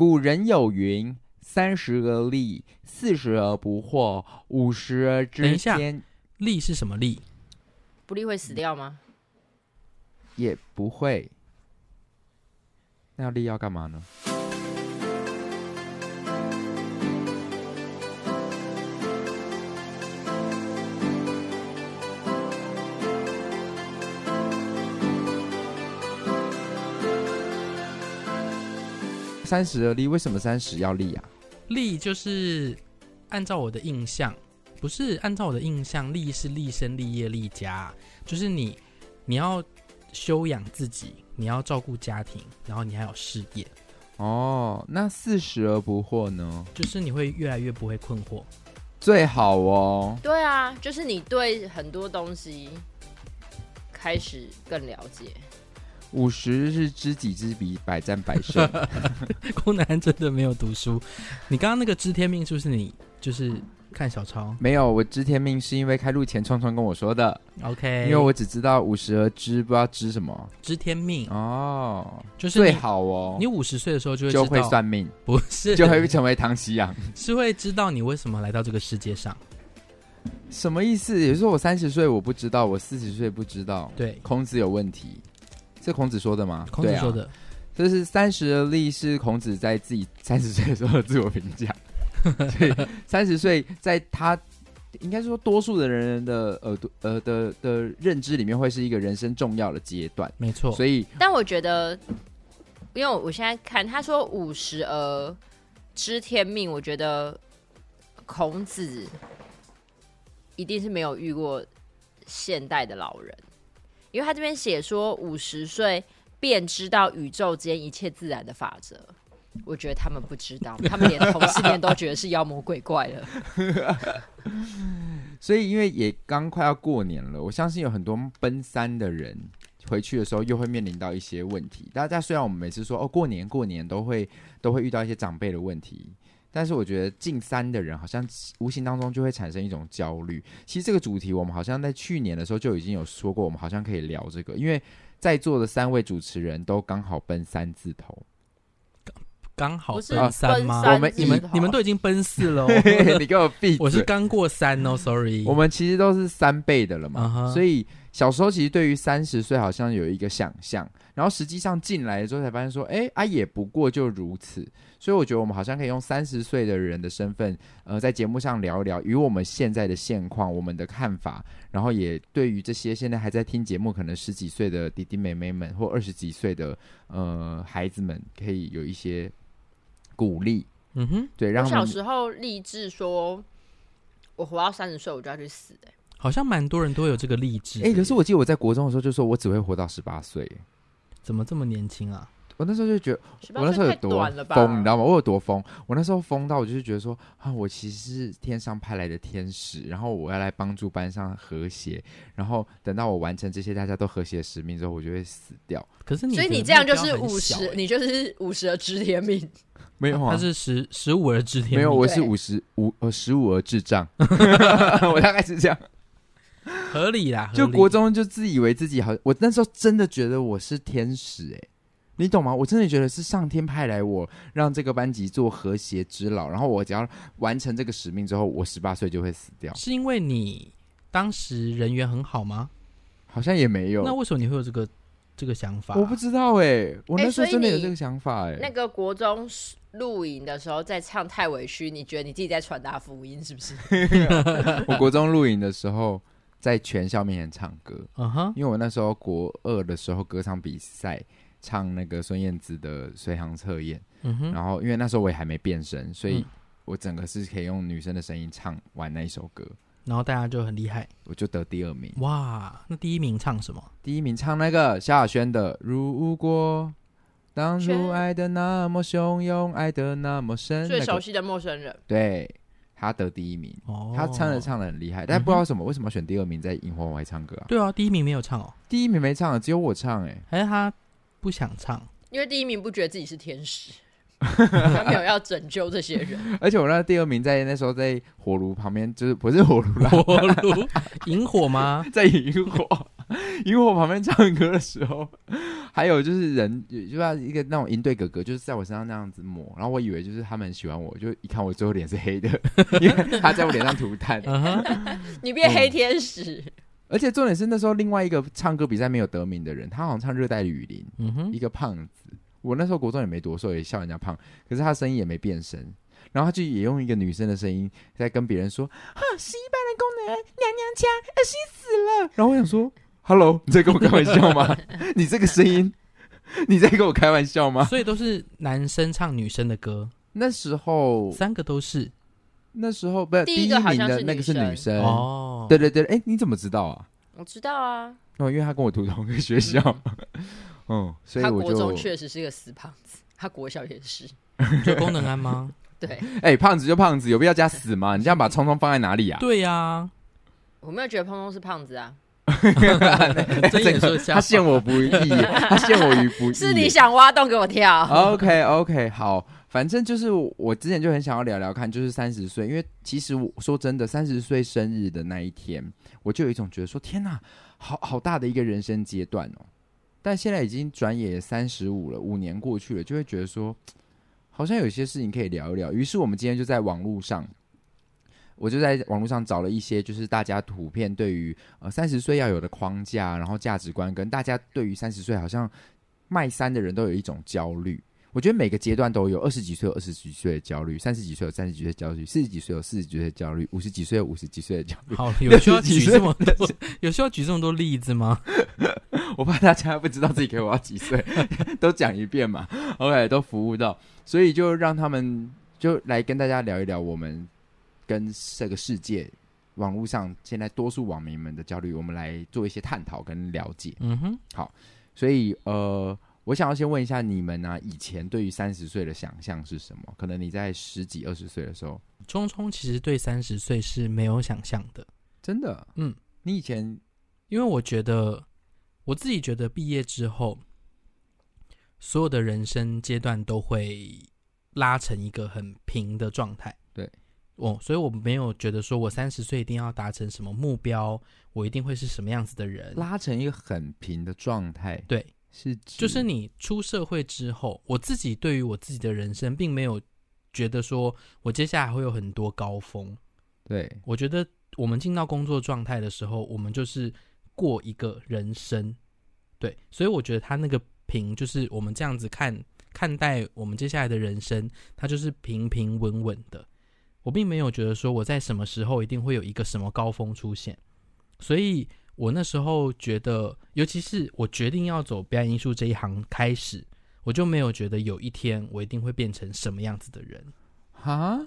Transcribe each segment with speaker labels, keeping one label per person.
Speaker 1: 古人有云：“三十而立，四十而不惑，五十而知天。”等一下，立是什麼立？
Speaker 2: 不立會死掉嗎？
Speaker 1: 也不會。那要立要幹嘛呢？三十而立，為什麼三十要立啊？
Speaker 3: 立就是按照我的印象，不是按照我的印象，立是立身、立業、立家，就是你你要修養自己，你要照顧家庭，然後你還有事業。
Speaker 1: 哦，那四十而不惑呢？
Speaker 3: 就是你會越來越不會困惑，
Speaker 1: 最好哦。
Speaker 2: 對啊，就是你對很多東西開始更了解。
Speaker 1: 五十是知己知彼，百戰百勝。
Speaker 3: 孤 男真的沒有讀書。你剛剛那個知天命是不是你就是看小抄？
Speaker 1: 沒有，我知天命是因為開錄前創創跟我說的。OK，因為我只知道五十而知，不知道知什麼？知
Speaker 3: 天命哦，oh,
Speaker 1: 就是最好哦。你
Speaker 3: 五十歲的時候就會就會算命，
Speaker 1: 不是就會成為唐綺陽，
Speaker 3: 是會知道你為什麼來到這個世界
Speaker 1: 上。什麼意思？也就是說，我三十歲我不知道，我四十歲不知道，對，孔子有問題。是孔子說的嗎？孔子說的，這、啊、是三十而立，是孔子在自己三十歲的時候的自我評價。 所以三十歲，在他應該是說多數的人的耳朵呃，呃的的認知裡面，會是一個人生重要的階段。沒錯，所以
Speaker 2: 但我覺得，因為我現在看他說五十而知天命，我覺得孔子一定是沒有遇過現代的老人。因為他這邊寫說五十歲便知道宇宙間一切自然的法則，我覺得他們不知道， 他們也同時連同性戀都覺得是妖魔鬼怪了。
Speaker 1: 所以，因為也剛快要過年了，我相信有很多奔三的人回去的時候又會面臨到一些問題。大家雖然我們每次說哦過年過年都會都會遇到一些長輩的問題。但是我覺得進三的人好像無形當中就會產生一種焦慮。其實這個主題我們好像在去年的時候就已經有說過，我們好像可以聊這個，因為在座的三位主持人都剛好奔三字頭，
Speaker 3: 剛好奔三嗎？啊、三，我們、你們，你們都已經奔四了哦、 你給我閉嘴！我是剛過三哦，sorry， 我
Speaker 1: 們其實都是三倍的了嘛，uh -huh. 所以。小時候其實對於三十歲好像有一個想象然後實際上進來了之後才發現說，哎、欸、啊也不過就如此。所以我覺得我們好像可以用三十歲的人的身份，呃，在節目上聊一聊，與我們現在的現況、我們的看法，然後也對於這些現在還在聽節目可能十幾歲的弟弟妹妹們或二十幾歲的呃孩子們，可以有一些鼓勵。嗯哼，對，然後小時
Speaker 2: 候立志說，我活到三十歲我就要去死的。
Speaker 1: 好像蠻多人都有這個勵志是不是誒？可、就是我記得我在國中的時候就說我只會活到十八歲。怎麼這麼年輕啊？我那時候就覺得，我那時候有多瘋，你知道嗎？我有多瘋？我那時候瘋到我就是覺得說啊，我其實是天上派來的天使，然後我要來幫助班上和諧，然後等到我完成這些大家都和諧的使命之後，我就會死掉。可是你，所以你這樣就是五十、欸，
Speaker 2: 你就是五十而知天命，
Speaker 1: 沒有，啊，他是
Speaker 3: 十十五而知天命。沒有，我是 50,
Speaker 1: 五十五，呃十五而智障， 我大概是這樣。合理啦，就國中就自以為自己好，我那時候真的覺得我是天使哎、欸，你懂嗎？我真的覺得是上天派來我讓這個班級做和諧之老，然後我只要完成這個使命之後，我十八歲就會死掉。
Speaker 3: 是因為你當時人緣很好嗎？
Speaker 1: 好像也沒有，那
Speaker 3: 為什麼你會有這個這個想法、啊？我不知道哎、欸，我那時候真的有這個想法哎、欸。欸、
Speaker 2: 那個國中錄影的時候在唱《太委屈》，你覺得你自己在傳達福音是不是？
Speaker 1: 我國中錄影的時候。在全校面前唱歌，嗯哼，因為我那時候國二的時候歌唱比賽，唱那個孫燕姿的《隨行測驗》，嗯哼，然後因為那時候我也還沒變聲，所以我整個是可以用女生的聲音唱完那一首歌，
Speaker 3: 嗯，然後大家就很厲害，
Speaker 1: 我就得第二名，
Speaker 3: 哇，那第一名唱什麼？
Speaker 1: 第一名唱那個蕭亞軒的《如果當初愛的那麼洶湧，愛的那麼深》，最熟悉的陌生人，那個，對。他得第一名，他唱的唱的很厲害、哦，但不知道什麼、嗯、為什麼選第二名在螢火外唱歌啊？對啊，第一名沒有唱哦，第一名沒唱、啊，只有我唱哎、欸，還是他不想唱，
Speaker 2: 因為第一名不覺得自己是天使， 他沒有要拯救這些人， 而
Speaker 1: 且我那第二名在那時候在火爐旁邊，就是不是火爐啦，火爐螢 火嗎？ 在螢火螢火旁邊唱歌的時候。還有就是人，就像一個那種營隊哥哥，就是在我身上那樣子抹，然後我以為就是他們喜歡我，就一看我最後臉是黑的，因為他在我臉上塗炭。 你變黑天使、嗯。而且重點是那時候另外一個唱歌比賽沒有得名的人，他好像唱《熱帶雨林》，嗯哼，一個胖子。我那時候國中也沒多瘦，也笑人家胖，可是他聲音也沒變聲，然後他就也用一個女生的聲音在跟別人說：“
Speaker 4: 十一班的功能娘娘腔，惡、啊、心死了。”
Speaker 1: 然後我想說。Hello，你在跟我開
Speaker 3: 玩笑嗎？ 你這個聲音， 你在跟我開玩笑嗎？所以都是男生唱
Speaker 1: 女生的歌。那時候三個都是，那時候不是第一個，好像是那個是女生哦。對對對，哎、欸，你怎麼知道啊？
Speaker 2: 我知道啊。
Speaker 1: 哦，因為他跟我讀同一個學校，嗯，嗯所以我。他國中確
Speaker 2: 實是一個死胖子，他國小也是。就功能安嗎？ 對。哎、
Speaker 1: 欸，胖子就胖子，有必要加死嗎？你這樣把聰聰放在哪裡啊？ 對
Speaker 2: 呀、啊。我沒有覺得聰聰是胖子啊。
Speaker 1: 哈哈，他陷我不義，他陷我於不義。 是你想挖
Speaker 2: 洞給我跳
Speaker 1: ？OK OK，好，反正就是我，之前就很想要聊聊看，就是三十歲，因為其實我說真的，三十歲生日的那一天，我就有一種覺得說，天吶，好好大的一個人生階段哦。但現在已經轉眼三十五了，五年過去了，就會覺得說，好像有些事情可以聊一聊。於是我們今天就在網絡上。我就在網絡上找了一些，就是大家普遍對於呃三十歲要有的框架，然後價值觀跟大家對於三十歲好像邁三的人都有一種焦慮。我覺得每個階段都有二十幾歲有二十幾歲的焦慮，三十幾歲有三十幾歲焦慮，四十幾歲有四十幾歲焦慮，五十幾歲有五十幾歲的焦慮。好，有需要舉這麼多，有需要舉這麼多例子嗎？ 我怕大家不知道自己給我要幾歲，都講一遍嘛。OK，都服務到，所以就讓他們就來跟大家聊一聊我們。跟這個世界，網絡上現在多數網民們的焦慮，我們來做一些探討跟了解。嗯哼，好，所以呃，我想要先問一下你們呢、啊，以前對於三十歲的想象是什麼？可能你在十幾二十歲的時候，
Speaker 3: 聰聰其實對三十歲是沒有想象的，真的。嗯，
Speaker 1: 你以前，因為我覺得，我
Speaker 3: 自己覺得畢業之後，所有的人生階段都會拉成一個很平的狀態。哦，所以我沒有覺得說我三十歲一定要達成什麼目標，我一定會是什麼樣子的人，
Speaker 1: 拉成一個很平的狀態。對，是，
Speaker 3: 就是你出社會之後，我自己對於我自己的人生，並沒有覺得說我接下來會有很多高峰。
Speaker 1: 對，我
Speaker 3: 覺得我們進到工作狀態的時候，我們就是過一個人生。對，所以我覺得他那個平，就是我們這樣子看看待我們接下來的人生，它就是平平穩穩的。我並沒有覺得說我在什麼時候一定會有一個什麼高峰出現，所以我那時候覺得，尤其是我決定要走表演藝術這一行開始，我就沒有覺得有一天我一定會變成什麼樣子的人
Speaker 1: 哈？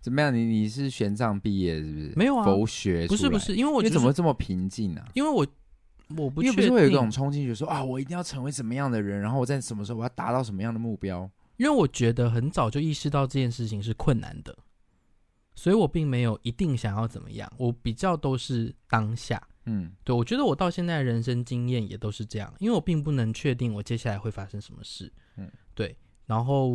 Speaker 1: 怎麼樣？你你是玄奘畢業是不是？沒有啊，佛學不是不是，因為我、就是、怎麼這麼平靜啊？因為我我不，因為不是會有一種衝進去說啊，我一定要成為什麼樣的人，然後我在什麼時候我要達到什麼樣的目標？因
Speaker 3: 為我覺得很早就意識到這件事情是困難的，所以我並沒有一定想要怎麼樣，我比較都是當下，嗯，對，我覺得我到現在的人生經驗也都是這樣，因為我並不能確定我接下來會發生什麼事，嗯，對，然後，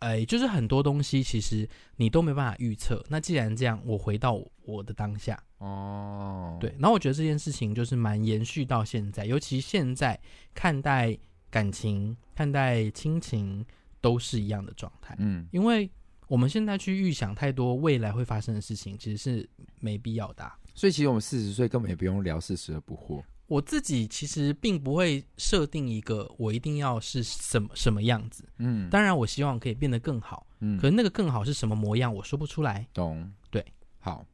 Speaker 3: 哎，就是很多東西其實你都沒辦法預測，那既然這樣，我回到我的當下，哦，對，然後我覺得這件事情就是蠻延續到現在，尤其現在看待。感情、看待親情都是一樣的狀
Speaker 1: 態，嗯，因
Speaker 3: 為我們現在去預想太多未來會發生的事情，
Speaker 1: 其實是沒必要的啊。所以，其實我們四十歲根本也不用聊四十而不惑。
Speaker 3: 我自己其實並不會設定一個我一定要是什麼什麼樣子，嗯，當然我希望可以變得更好，嗯，可是那個更好是什麼模樣，我說不出來。
Speaker 1: 懂，對，好。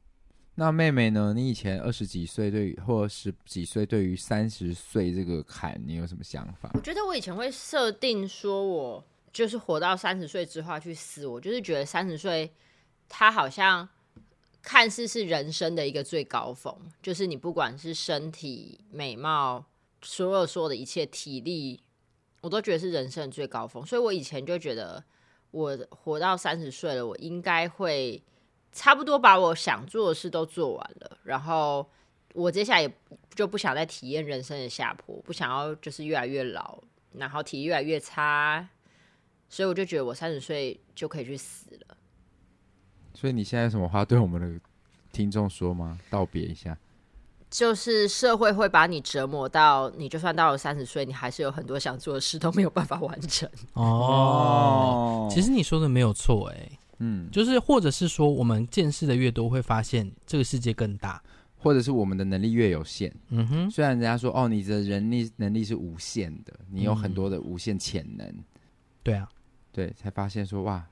Speaker 1: 那妹妹呢？你以前二十幾歲對於，或十幾歲對於三十歲這個坎，你有什麼想法？
Speaker 2: 我覺得我以前會設定說，我就是活到三十歲之後去死。我就是覺得三十歲，他好像看似是人生的一個最高峰，就是你不管是身體、美貌，所有所有的一切體力，我都覺得是人生的最高峰。所以我以前就覺得，我活到三十歲了，我應該會差不多把我想做的事都做完了，然後我接下來也就不想再體驗人生的下坡，不想要就是越來越老，然後體力越來越差，所以我就覺得我三十歲就可以去死
Speaker 1: 了。所以你現在有什麼話對我們的聽眾說嗎？道別一下？
Speaker 2: 就是社會會把你折磨到，你就算到了三十歲，你還是有很多想做的事都沒有辦法完成。
Speaker 3: 哦，
Speaker 1: 嗯，其
Speaker 3: 實你說的沒有錯誒，哎。嗯，就是，或者是說，我們見識的越多，會
Speaker 1: 發現這個世界更大，或者是我們的能力越有限。嗯哼，雖然人家說，哦，你的人力能力是無限的，你有很多的無限潛能，嗯。對啊，對，才發現說，哇，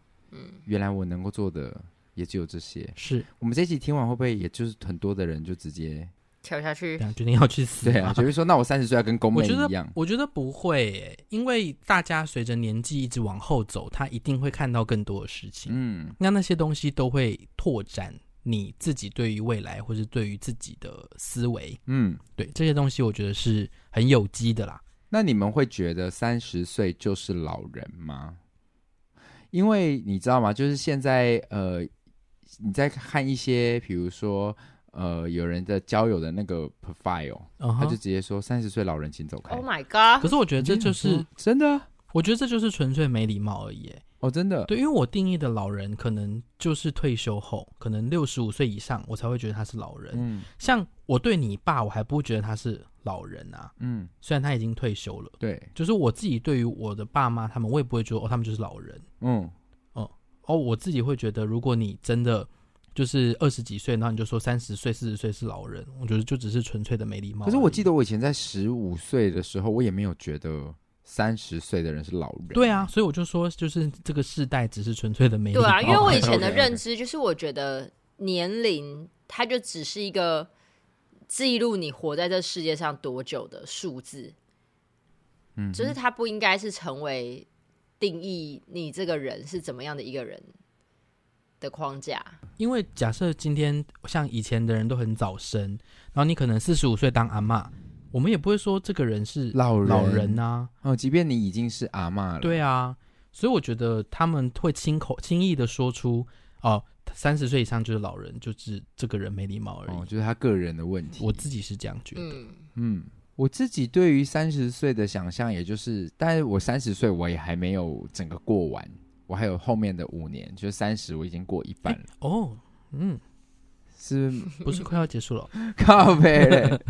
Speaker 1: 原來我能夠做的也只有這些。是我們這期聽完會不會，也就是很多的人就直接。
Speaker 2: 跳下去然後，
Speaker 1: 決定要去死。對啊！就會說：“那我三十歲要跟公妹一樣。我覺
Speaker 3: 得”我覺得不會，欸，因為大家隨着年紀一直往後走，他一定會看到更多的事情。嗯，那那些東西都會拓展你自己對於未來或是對於自己的思維。嗯，對，這些東西我覺得是
Speaker 1: 很有機的啦。那你們會覺得三十歲就是老人嗎？因為你知道嗎？就是現在呃，你在看一些，比如說。呃，有人在交友的那個 profile，uh-huh. 他就直接說：“三十歲老人，請走開。”
Speaker 2: Oh my god！可是我覺得這就是，欸，是
Speaker 1: 真的，我覺得這就是純粹沒禮貌
Speaker 3: 而已。哦，oh，真的，對，因為我定義的老人，可能就是退休後，可能六十五歲以上，我才會覺得他是老人。嗯，像我對你爸，我還不覺得他是老人啊。嗯，雖然他已經退休了。對，就是我自己對於我的爸媽，他們我也不會覺得哦，他們就是老人。嗯，哦，嗯，哦，我自己會覺得，如果你真的。就是二十幾歲，然後你就說三十歲、四十歲是老人，我覺得就只是純粹的沒禮貌。可是
Speaker 1: 我記得我以前在十五歲的時候，我也沒有覺得三十歲的人是老人。對啊，
Speaker 3: 所以我就說，就是這個世代只是純粹的沒禮貌。對啊，因為我以前的認
Speaker 2: 知就是，我覺得年齡它就只是一個記錄你活在這世界上多久的數字。
Speaker 4: 嗯，
Speaker 3: 就是
Speaker 2: 它不應該是成為定義你這個人是怎麼樣的一個人的框架，
Speaker 3: 因為假設今天像以前的人都很早生，然後你可能四十五歲當阿嬤，
Speaker 1: 我們也不會說這個人是老人，啊、老人啊。哦，即便你已經是阿嬤了，對
Speaker 3: 啊。所以我覺得他們會輕口輕易地說出哦，三十歲以上就是老人，就是這個人沒禮貌而已，哦，就是
Speaker 1: 他個人的問題。我自己是這樣覺得。嗯，嗯我自己對於三十歲的想象，也就是，但是我三十歲我也還沒有整個過完。我還有後面的五年，就是三十，我已經過一半了。哦、欸
Speaker 4: ，oh,
Speaker 1: 嗯，是不
Speaker 3: 是， 不是快要結束了？靠北咧。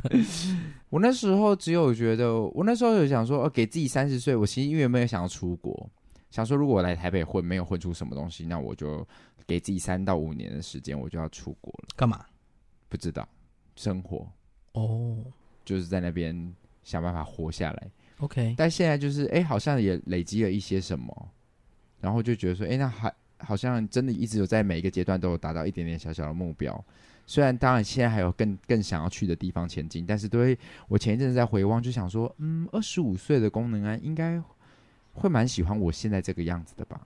Speaker 1: 我那時候只有覺得，我那時候有想說，哦、給自己三十歲，我其實因為沒有想要出國，想說如果我來台北混，沒有混出什麼東西，那我就給自己三到五年的時間，我就要出國了。幹嘛？不知道。生活。
Speaker 3: 哦、oh.，
Speaker 1: 就是在那邊想辦法活下來。OK。但現在就是，哎、欸，好像也累積了一些什麼。然後就覺得說，哎、欸，那還好像真的一直有在每一個階段都有達到一點點小小的目標，雖然當然現在還有更更想要去的地方前進，但是對我前一陣子在回望就想說，嗯，二十五歲的功能啊，應該會蠻喜歡我現在這個樣子的吧？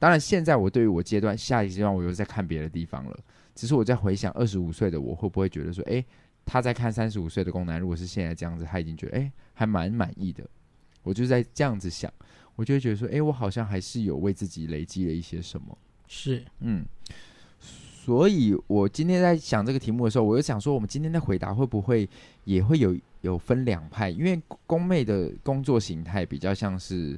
Speaker 1: 當然，現在我對於我階段下一階段我又在看別的地方了，只是我在回想二十五歲的我會不會覺得說，哎、欸，他在看三十五歲的功能、啊、如果是現在這樣子，他已經覺得哎、欸、還蠻滿意的，我就在這樣子想。我就會覺得說，誒，我好像還是有為自己累積了一些什麼。是，嗯，所以我今天在想這個題目的時候，我就想說，我們今天的回答會不會也會有有分兩派？因為宮妹的工作形態比較像是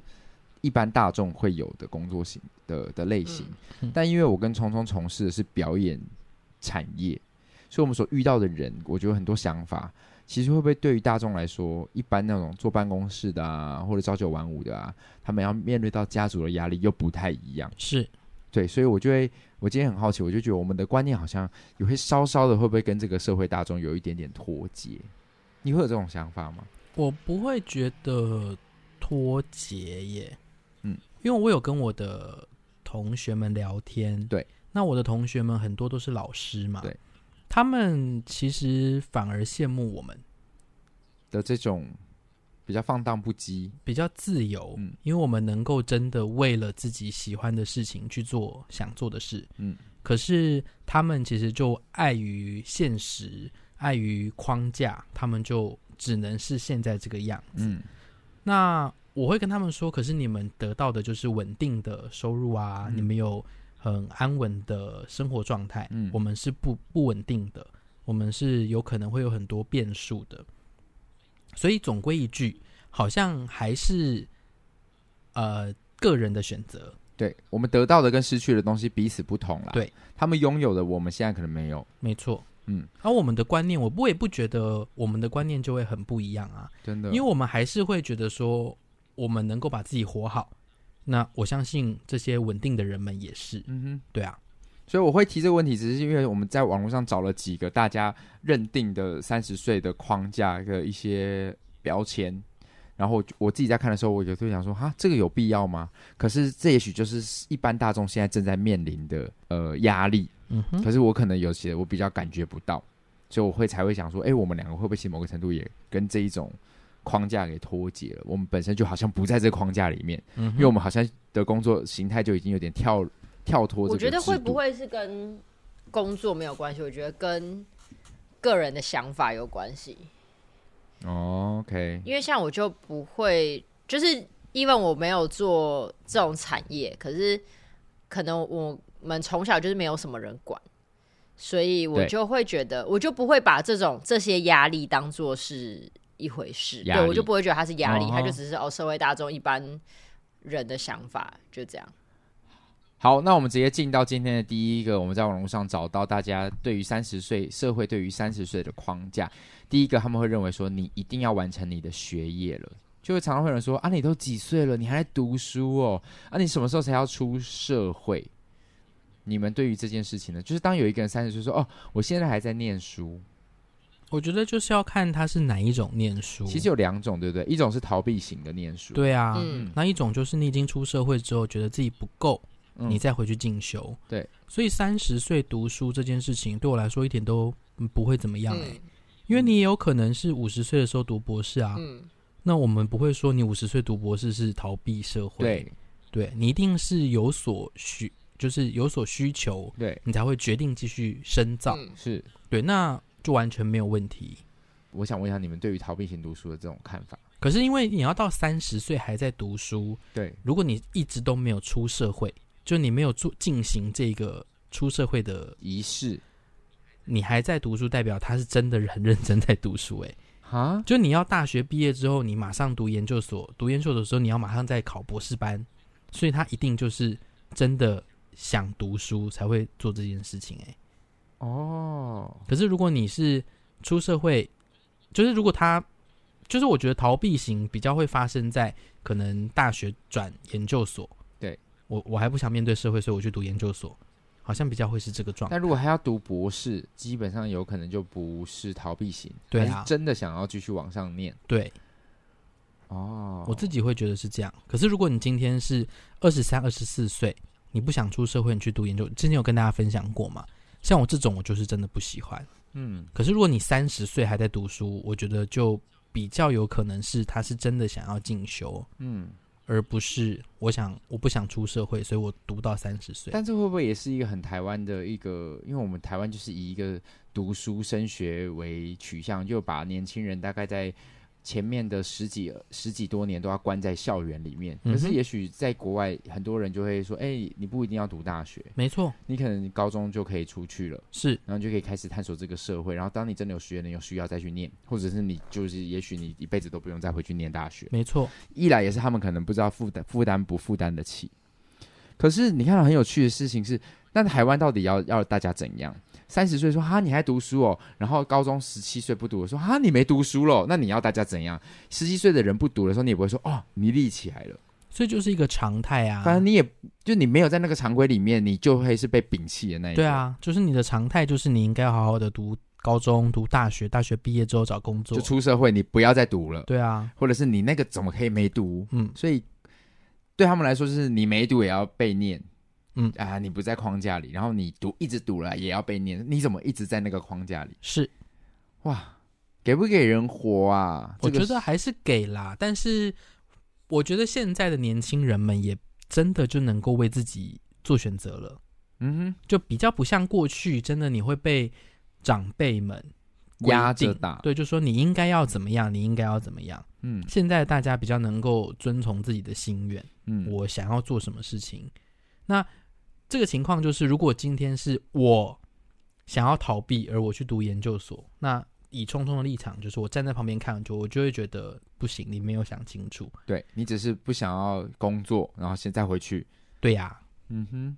Speaker 1: 一般大眾會有的工作型的的類型，嗯，但因為我跟聰聰從事的是表演產業，所以我們所遇到的人，我覺得很多想法，其實會不會對於大眾來說，一般那種坐辦公室的啊，或者朝九晚五的啊，他們要面對到家族的壓力又不太一樣。是，對，所以我就會，我今天很好奇，我就覺得我們的觀念好像也會稍稍的會不會跟這個社會大眾有一點點脫節？你會有這種想法嗎？
Speaker 3: 我不會覺得脫節耶，嗯，因為我有跟我的同學們聊天，對，那我的同學們很多都是老
Speaker 1: 師嘛，對。他
Speaker 3: 們其實反而羨慕我們
Speaker 1: 的這種比較放蕩不羈、
Speaker 3: 比較自由，嗯，因為我們能夠真的為了自己喜歡的事情去做想做的事，嗯。可是他們其實就礙於現實、礙於框架，他們就只能是現在這個樣子。嗯，那我會跟他們說，可是你們得到的就是穩定的收入啊，嗯，你們有。很安穩的生活狀態，嗯，我們是不不穩定的，我們是有可能會有很多變數的，所以總歸一句，好像還是呃個人的選擇。
Speaker 1: 對我們得到的跟失去的東西彼此不同啦，對，他們擁有的，我們現在可能沒有。沒錯，
Speaker 3: 嗯，而、啊、我們的觀念，我不我也不覺得我們的觀念就會很不一樣啊，真的，因為我們還是會覺得說，我們能夠把自己活好。那我相信這些穩定的人們也是，嗯
Speaker 1: 哼，對啊，所以我會提這個問題，只是因為我們在網絡上找了幾個大家認定的三十歲的框架的一些標籤，然後我自己在看的時候，我就會想說，哈，這個有必要嗎？可是這也許就是一般大眾現在正在面臨的呃壓力，嗯哼，可是我可能有些我比較感覺不到，所以我會才會想說，哎、欸，我們兩個會不會是某個程度也跟這一種？框架給脫節了，我們本身就好像不在這框架裡面，嗯，因為我們好像的工作形態就已經有點跳跳脫這。我覺得會不
Speaker 2: 會是跟工作沒有關係？我覺得跟個人的想法有關係。
Speaker 4: OK，因
Speaker 2: 為像我就不會，就是因為我沒有做這種產業，可是可能我們從小就是沒有什麼人管，所以我就會覺得，我就不會把這種這些壓力當做是。一回事，對，我就不會覺得他是壓力，他、哦哦、就只是哦社會大眾一般人的想法，就這樣。
Speaker 1: 好，那我們直接進到今天的第一個，我們在網絡上找到大家對於三十歲社會對於三十歲的框架。第一個他們會認為說，你一定要完成你的學業了，就會常常會有人說啊，你都幾歲了，你還在讀書哦？啊，你什麼時候才要出社會？你們對於這件事情呢？就是當有一個人三十歲說哦，我現在還在念書。我覺得就是要看他是哪一種念書，其實有兩種，對不對？一種是逃避型的念書，對啊，嗯。
Speaker 3: 那一種就是你已經出社會之後，覺得自己不夠，你再回去進修，嗯、對。所以三十歲讀書這件事情，對我來說一點都不會怎麼樣哎、欸嗯，因為你也有可能是五十歲的時候讀博士啊，嗯。那我們不會說你五十歲讀博士是逃避社會，對，對你一定是有所需，就是有所需求，對你才會決定繼續深造，嗯、是對那。就完全沒有問題。我想問一下，你們對於逃避型讀
Speaker 1: 書的這種看法？
Speaker 3: 可是因為你要到三十歲還在讀書，對，如果你一直都沒有出社會，就你沒有做進行這個出社會的儀式，你還在讀書，代表他是真的很認真在讀書。誒，哈，就你要大學畢業之後，你馬上讀研究所，讀研究所的時候，你要馬上再考博士班，所以他一定就是真的想讀書才會做這件事情。誒。哦，可是如果你是出社會，就是如果他，就是我覺得逃避型比較會發生在可能大學轉研究所，對，我我還不想面對社會，所以我去讀研究所，好像比較會是這個狀態。
Speaker 1: 但如果還要讀博士，基本上有可能就不是逃避型，對你、啊、真的想要繼續往上念。對，哦、oh.，我
Speaker 3: 自己會覺得是這樣。可是如果你今天是二十三、二十四歲，你不想出社會，你去讀研究，之前有跟大家分享過嗎？像我這種，我就是真的不喜歡。嗯，可是如果你三十歲還在讀書，我覺得就比較有可能是他是真的想要進修，嗯，而不是我想我不想出社會，所以我讀到三十歲。但這
Speaker 1: 會不會也是一個很台灣的一個？因為我們台灣就是以一個讀書升學為取向，就把年輕人大概在。前面的十幾十幾多年都要關在校園裡面，可是也許在國外，很多人就會說：“哎、嗯欸，你不一定要讀大學，沒錯，你可能高中就可以出去了，是，然後就可以開始探索這個社會。然後當你真的有學歷、有需要再去念，或者是你就是也許你一輩子都不用再回去念大學，沒錯。一來也是他們可能不知道負擔負擔不負擔得起。可是你看到很有趣的事情是，那台灣到底要要大家怎樣？”三十歲說哈你還讀書哦，然後高中十七歲不讀的時候，說哈你沒讀書嘍，那你要大家怎樣？十七歲的人不讀的時候，你也不會說哦，你立起來了，所以就是一個常態啊。當然你也就你沒有在那個常規裡面，你就會是被摒棄的那一種。對啊，
Speaker 3: 就是你的常態就是你應該要好好的讀高中、讀大學，大學畢業之後找工作，就出
Speaker 1: 社會，你不要再讀了。對啊，或者是你那個怎麼可以沒讀？嗯，所以對他們來說，就是你沒讀也要被念。嗯啊，你不在框架裡，然後你讀一直讀了也要被念，你怎麼一直在那個框架裡？是，哇，給不給人活啊？我覺得還
Speaker 3: 是給啦，這個、是，但是我覺得現在的年輕人們也真的就能夠為自己做選擇了。嗯哼，就比較不像過去，真的你會被長輩們壓着打，對，就說你應該要怎麼樣、嗯，你應該要怎麼樣。嗯，現在大家比較能夠遵從自己的心願，嗯，我想要做什麼事情，那。這個情況就是，如果今天是我想要逃避，而我去讀研究所，那以匆匆的立場，就是我站在旁邊看，就我就會覺得不行，你沒有想清楚。
Speaker 1: 對，你只是不想要工作，然後現在回去。對呀、啊，嗯哼。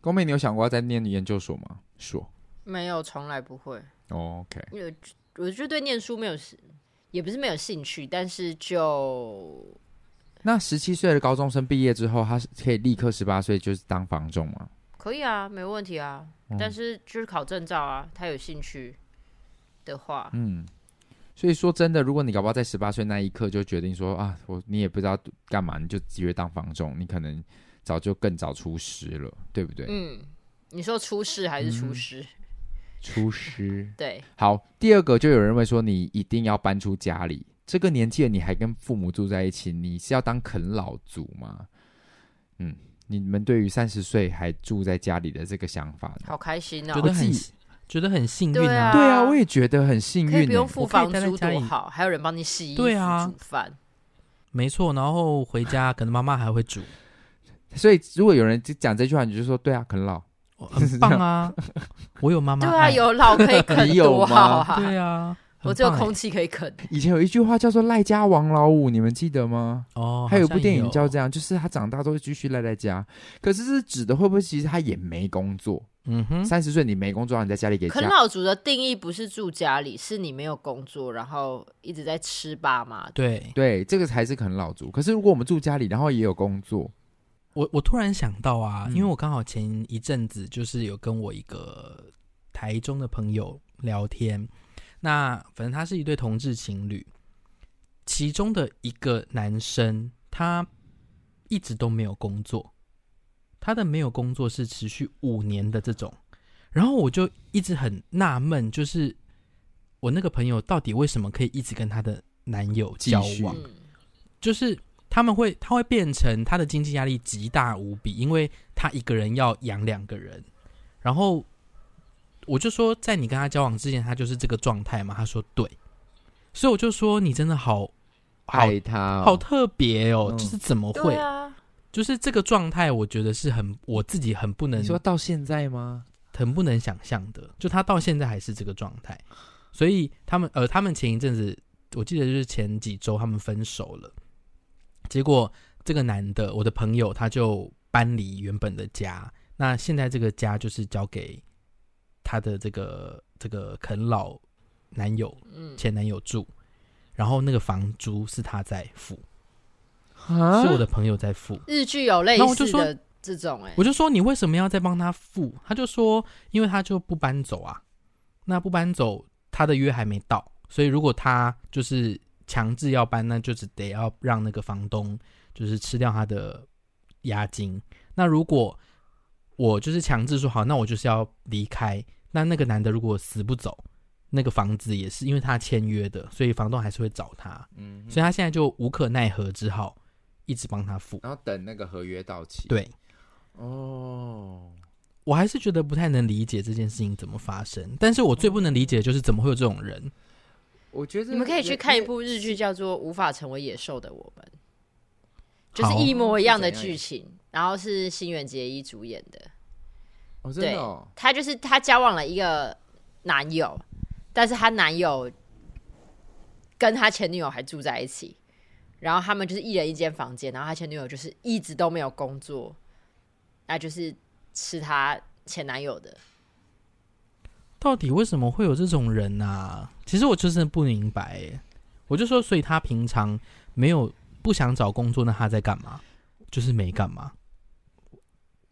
Speaker 1: 公妹，你有想過要再念研究所嗎？說
Speaker 2: 沒有，從來不會。Oh, OK，我我就對念書沒有，也不是沒有興趣，但是就。
Speaker 1: 那十七歲的高中生畢業之後，他是可以立刻十八歲就是當房仲嗎？
Speaker 2: 可以啊，沒問題啊、嗯。但是就是考證照啊，他有興趣的話，嗯。
Speaker 1: 所以說真的，如果你搞不好在十八歲那一刻就決定說啊，我你也不知道幹嘛，你就直接當房仲，你可能早就更早出師了，對不對？嗯，
Speaker 2: 你說出師還是出師、嗯？
Speaker 1: 出師 對。好，第二個就有人問說，你一定要搬出家裡？這個年紀了，你還跟父母住在一起，你是要當啃老族嗎？嗯，你們對於三十歲還住在家裡的這個想法，好開心啊、哦，覺得很
Speaker 3: 我，覺得很幸運啊，
Speaker 2: 啊。對啊，我也
Speaker 1: 覺得很幸運、欸，可以不用
Speaker 2: 付房租多好，還有人幫你洗衣服、對啊、煮飯。
Speaker 3: 沒錯，然後回家可能媽媽還會煮。
Speaker 1: 所以，如果有人講這句話，你就說對啊，啃老很棒啊。 我有媽媽，對啊，有老可以啃多好
Speaker 2: 啊。 有嗎 對啊。欸、我只有空氣可以啃。
Speaker 1: 以前有一句話叫做“賴家王老五”，你們記得嗎？哦、oh,，還有一部電影叫這樣，就是他長大之後繼續賴在家。可是是指的會不會其實他也沒工作？嗯哼，三十歲你沒工作，你在家裡給啃老族
Speaker 2: 的定義不是住家裡，是你沒有工作，然後一直在吃爸媽。
Speaker 1: 對對，這個才是啃老族。可是如果我們住家裡，然後也有工作，
Speaker 3: 我我突然想到啊，嗯、因為我剛好前一陣子就是有跟我一個台中的朋友聊天。那反正他是一對同志情侶，其中的一個男生他一直都沒有工作，他的沒有工作是持續五年的這種，然後我就一直很納悶，就是我那個朋友到底為什麼可以一直跟他的男友交往，就是他們會他會變成他的經濟壓力極大無比，因為他一個人要養兩個人，然後。我就說，在你跟他交往之前，他就是這個狀態嘛。他說對，所以我就說你真的好，好愛他，哦，好特別哦。嗯，就是怎麼會？啊、就是這個狀態，我覺得是很我自己很不能。說到現在嗎？很不能想象的，就他到現在還是這個狀態。所以他們呃，他們前一陣子我記得就是前幾周他們分手了，結果這個男的，我的朋友他就搬離原本的家，那現在這個家就是交給。她的這個這個啃老男友，前男友住，然後那個房租是他在付，嗯、
Speaker 2: 是我的朋友在付。啊、日劇有類似的這種、欸，哎，我
Speaker 3: 就說你為什麼要再幫他付？他就說，因為他就不搬走啊。那不搬走，他的約還沒到，所以如果他就是強制要搬，那就只得要讓那個房東就是吃掉他的押金。那如果我就是強制說好，那我就是要離開。那那個男的如果死不走，那個房子也是因為他簽約的，所以房東還是會找他。
Speaker 1: 嗯，所以他
Speaker 3: 現在就無可奈何之，只好一直幫他付。
Speaker 1: 然後等那個合約到期。對。
Speaker 3: 哦、
Speaker 1: oh.。
Speaker 3: 我還是覺得不太能理解這件事情怎麼發生，但是我最不能理解的就是怎麼會有這種人。
Speaker 1: 我覺得你們可以去看一部日
Speaker 2: 劇，叫做《無法成為野獸的我們》，就是一模一樣的劇情。然後是新垣結衣主演的。哦，
Speaker 4: 真的哦、
Speaker 2: 對、她就是她交往了一個男友，但是她男友跟她前女友還住在一起，然後他們就是一人一間房間，然後她前女友就是一直都沒有工作，那、啊、就是吃她前男友的。
Speaker 3: 到底為什麼會有這種人呢、啊？其實我就是不明白，我就說，所以她平常沒有不想找工作，那她在幹嘛？就是沒幹嘛。嗯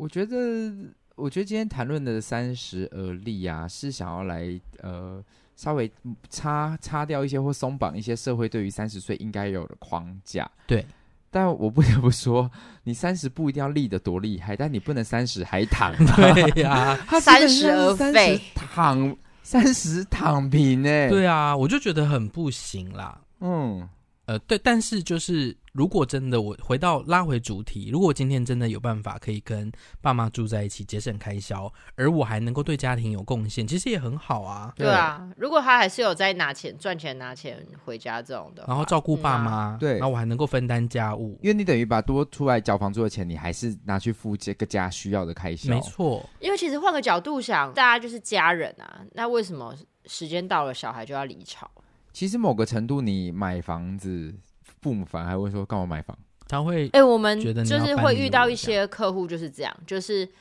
Speaker 1: 我覺得，我覺得今天談論的三十而立啊，是想要來呃，稍微擦擦掉一些或鬆綁一些社會對於三十歲應該有的框架。對，但我不得不說，你三十不一定要立得多厲害，但你不能三十還躺。對呀、啊， 他三十而廢，躺三十躺平哎、欸。對
Speaker 3: 啊，我就覺得很不行啦。嗯。呃，對，但是就是如果真的我回到拉回主題，如果今天真的有辦法可以跟爸媽住在一起，節省開銷，而我還能夠對家庭有貢獻，其實也很好啊。對啊，
Speaker 2: 如果他還是有在拿錢賺錢拿錢回家這種的，
Speaker 3: 然
Speaker 1: 後照顧爸媽，對、嗯啊，然後我
Speaker 3: 還能夠分擔家務，
Speaker 1: 因為你等於把多出來交房租的錢，你還是拿去付這個家需要的開銷。沒錯，
Speaker 2: 因為其實換個角度想，大家就是家人啊，那為什麼時間到了小孩就要離巢？
Speaker 1: 其實某個程度，你買房子，父母反而還會說幹嘛買房？他會哎、欸，我們就是會遇
Speaker 2: 到一些客戶就是這樣，嗯、就是、就是、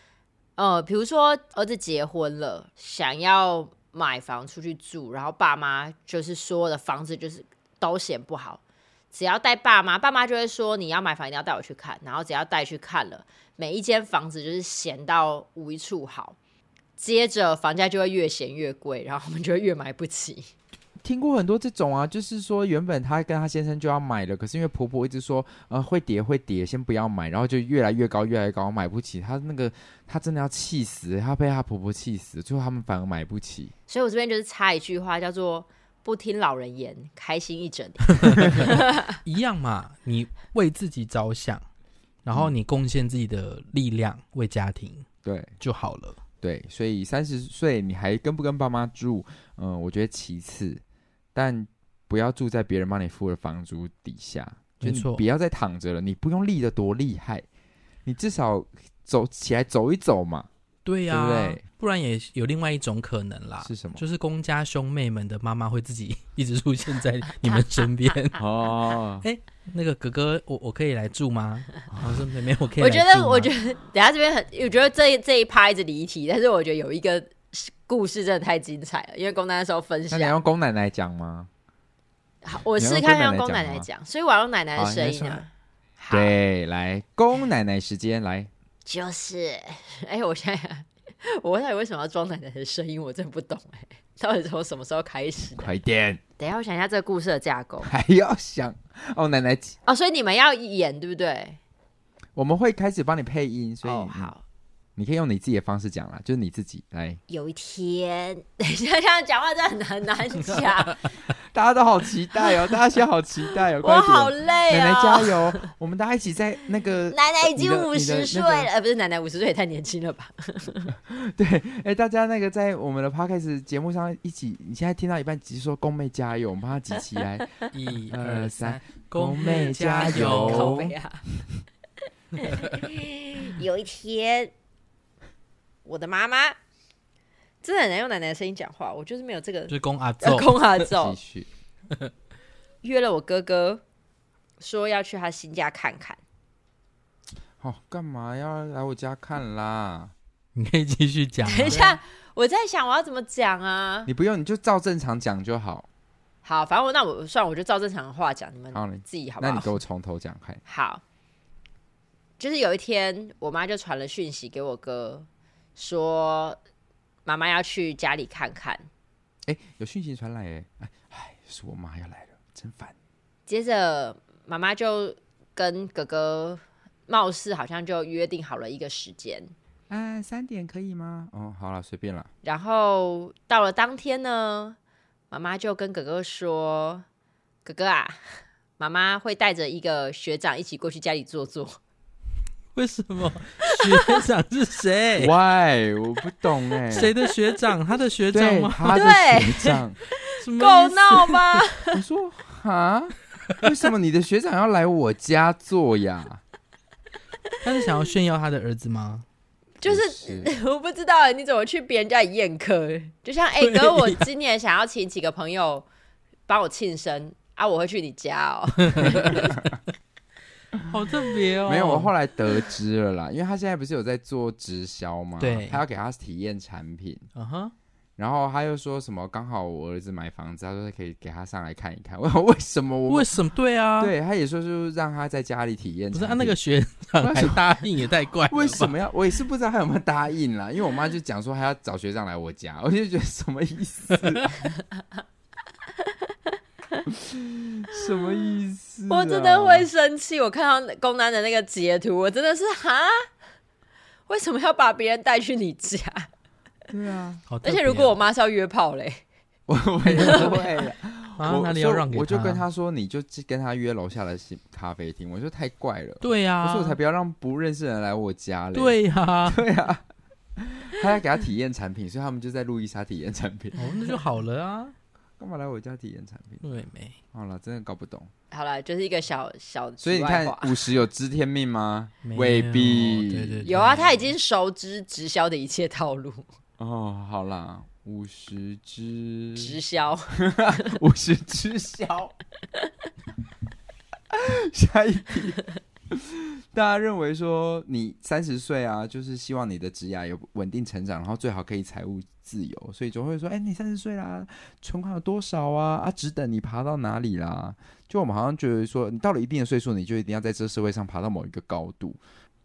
Speaker 2: 呃，比如說兒子結婚了，想要買房出去住，然後爸媽就是說的房子就是都嫌不好，只要帶爸媽，爸媽就會說你要買房一定要帶我去看，然後只要帶去看了，每一間房子就是嫌到無一處好，接着房價就會越嫌越貴，然後他們就會越買不起。
Speaker 1: 聽過很多這種啊，就是說原本她跟她先生就要買了，可是因為婆婆一直說呃，會跌會跌，先不要買，然後就越來越高越來越高，買不起。她那個她真的要氣死，她要被她婆婆氣死。最後他們反而買不起。
Speaker 2: 所以我這邊就是插一句話，叫做不聽老人言，開心一整天
Speaker 1: 一
Speaker 3: 樣嘛，你為自己着想，然後你貢獻自己的力量為家庭，嗯、對就好
Speaker 1: 了。對，所以三十歲你還跟不跟爸媽住？嗯、呃，我覺得其次。但不要住在別人幫你付的房租底下，沒錯，就你不要再躺着了。你不用立得多厲害，你至少走起來走一走嘛。對呀、啊對
Speaker 3: 對，不然也有另外一種可能啦。是什麼？就是公家兄妹們的媽媽會自己一直出現在你們身邊 哦。哎、欸，那個哥哥，我我可以來住嗎？ 啊，我說妹妹，我可以。我覺得，我覺
Speaker 2: 得，等下這邊很，我覺得這這一拍子離題，但是我覺得有一個。故事真的太精彩了，因為公奶奶的時候分享。那你用
Speaker 1: 公奶奶講嗎？
Speaker 2: 好，我試試看讓公奶奶講，所以我要用奶奶的聲音
Speaker 1: 啊。對，來公奶奶時間來。
Speaker 2: 就是，哎、欸，我想想，我到底為什麼要裝奶奶的聲音，我真的不懂哎、欸，到底從什麼時候開始？
Speaker 1: 快點，等
Speaker 2: 一下，我想一下這個故事的架構。
Speaker 1: 還要想哦，奶奶
Speaker 2: 哦，所以你們要演對不對？
Speaker 1: 我們會開始幫你配音，所以、哦、好。你可以用你自己的方式講啦，就是你自己來。
Speaker 2: 有一天，等一下，這樣講話真的很難講
Speaker 1: 大家都好期待哦、喔，大家現在好期待哦、喔。 我好累哦、喔，奶奶加油！我們大家一起在那個 奶奶已經五十歲了、那個，呃，不是，奶奶五十歲也
Speaker 2: 太年輕了吧？
Speaker 1: 對，哎、欸，大家那個在我們的 Podcast 節目上一起，你現在聽到一半，只是說宮妹加油，我們幫她集起來， 一二三，宮妹加油！妹加油
Speaker 2: 啊、 有一天。我的媽媽，真的很難用奶奶的聲音講話，我就是沒有這個，就是、公阿祖、呃、公阿祖，繼續 約了我哥哥，說要去他新家看看。
Speaker 1: 哦，幹嘛要來我家看啦？你可以繼續講、啊。等一下，
Speaker 2: 我在想我要怎麼講啊？你
Speaker 1: 不用，你就照正常講就好。
Speaker 2: 好，反正我那我算，我就照正常的話講。你們，好你自己好吧。那你
Speaker 1: 給我從頭講開。
Speaker 2: 好，就是有一天，我媽就傳了訊息給我哥。說媽媽要去家裡看看，
Speaker 1: 哎、欸，有訊息傳來、欸，哎，是我媽要來了，真煩。
Speaker 2: 接着媽媽就跟哥哥，貌似好像就約定好了一個時間，
Speaker 1: 哎、呃，三點可以嗎？
Speaker 2: 哦，好啦，隨便啦。然後到了當天呢，媽媽就跟哥哥說：“哥哥啊，媽媽會帶着一個學長一起過去家裡坐坐。”
Speaker 1: 為什麼？學長是誰？Why？我不懂，哎、欸。誰的
Speaker 3: 學長？他的學
Speaker 1: 長嗎？對，他的學長？
Speaker 2: 夠鬧嗎你說
Speaker 1: 哈， 為什麼你的學長要來我家做呀？ 他是想要炫耀他的兒子嗎？
Speaker 2: 就是，不是，我不知道你怎麼去別人家裡宴客？就像哎，哥，啊欸，我今年想要請幾個朋友幫我慶生 啊，我會去你家哦。
Speaker 4: 好特
Speaker 3: 別哦！沒有，我
Speaker 1: 後來得知了啦，因為他現在不是有在做直銷嗎？對，他要給他體驗產品。啊、uh、哼 -huh，然後他又說什麼？剛好我兒子買房子，他說可以給他上來看一看。為什麼我？為什麼？對啊，對他也說就是讓他在家裡體驗。不是、啊，那那個學長還答應也太怪，為什麼要？我也是不知道他有沒有答應啦。因為我媽就講說還要找學長來我家，我就覺得什麼意思。
Speaker 2: 什麼意思、啊？我真的會生氣。我看到工單的那個截圖，我真的是哈，為什麼要把別人帶去你家？
Speaker 4: 對
Speaker 1: 啊，而且如果
Speaker 2: 我媽是要約炮嘞，啊、 我也不會 我說啊，那
Speaker 1: 你要讓給，我就跟他說，你就跟他約樓下的咖啡廳。我說太怪了。對呀、啊，我說我才不要讓不認識人來我家，對呀，對呀、啊。對啊、 他要給他體驗產品，所以他們就在路易莎體驗產品。哦，那就好了啊。幹嘛來我家體驗產品？對沒，沒？好了，真的搞不懂。
Speaker 2: 好了，就是一個小小。所以你看，
Speaker 1: 五十有知天命嗎？未必。對對對對。有
Speaker 2: 啊，他已經熟知直銷的一切套路。
Speaker 1: 哦，好了，五十知直銷， 五十知只銷。
Speaker 2: 下一題。
Speaker 1: 大家認為說你三十歲啊，就是希望你的職業有穩定成長，然後最好可以財務自由，所以總會說，哎、欸，你三十歲啦，存款有多少啊？啊，只等你爬到哪裡啦？就我們好像覺得說，你到了一定的歲數，你就一定要在這個社會上爬到某一個高度，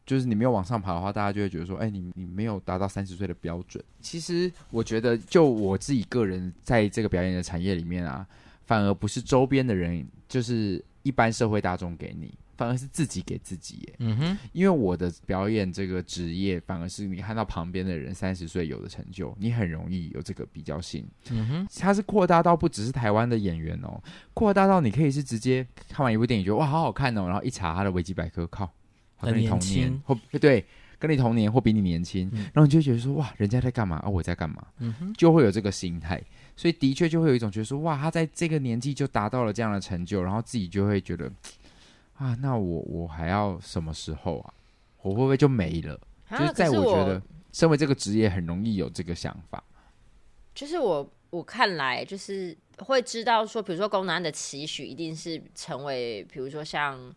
Speaker 1: 就是你沒有往上爬的話，大家就會覺得說，哎、欸，你你沒有達到三十歲的標準。其實我覺得，就我自己個人在這個表演的產業裡面啊，反而不是周邊的人，就是一般社會大眾給你。反而是自己給自己耶，嗯哼，因為我的表演這個職業，反而是你看到旁邊的人三十歲有的成就，你很容易有這個比較心。嗯哼，它是擴大到不只是台灣的演員哦，擴大到你可以是直接看完一部電影覺得哇好好看哦，然後一查他的維基百科，靠，跟你同年或，對對，跟你同年或比你年輕，嗯、然後你就會覺得說哇，人家在幹嘛哦，啊、我在幹嘛？嗯哼，就會有這個心態，所以的確就會有一種覺得說哇，他在這個年紀就達到了這樣的成就，然後自己就會覺得。啊，那我我還要什麼時候啊？我會不會就沒了？啊、就是在我覺得，身為這個職業，很容易有這個想法。
Speaker 2: 就是我我看來，就是會知道說，比如說功名的期許一定是成為，比如說像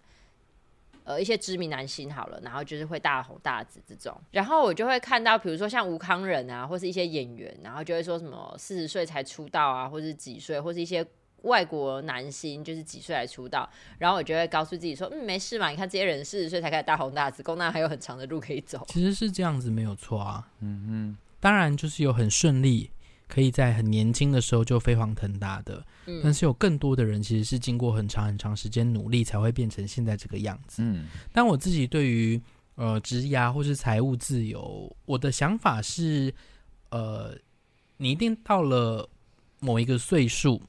Speaker 2: 呃一些知名男星好了，然後就是會大紅大紫這種。然後我就會看到，比如說像吳慷仁啊，或是一些演員，然後就會說什麼四十歲才出道啊，或是幾歲，或是一些。外國男星就是幾歲來出道，然後我就會告訴自己說：“嗯，沒事嘛，你看這些人四十歲才開始大紅大紫，工大還有很長的路可以走。”其實
Speaker 3: 是這樣子，沒有錯啊。嗯嗯，當然就是有很順利，可以在很年輕的時候就飛黃騰達的。嗯，但是有更多的人其實是經過很長很長時間努力，才會變成現在這個樣子。嗯，但我自己對於呃，職涯或是財務自由，我的想法是：呃，你一定到了某一個歲數。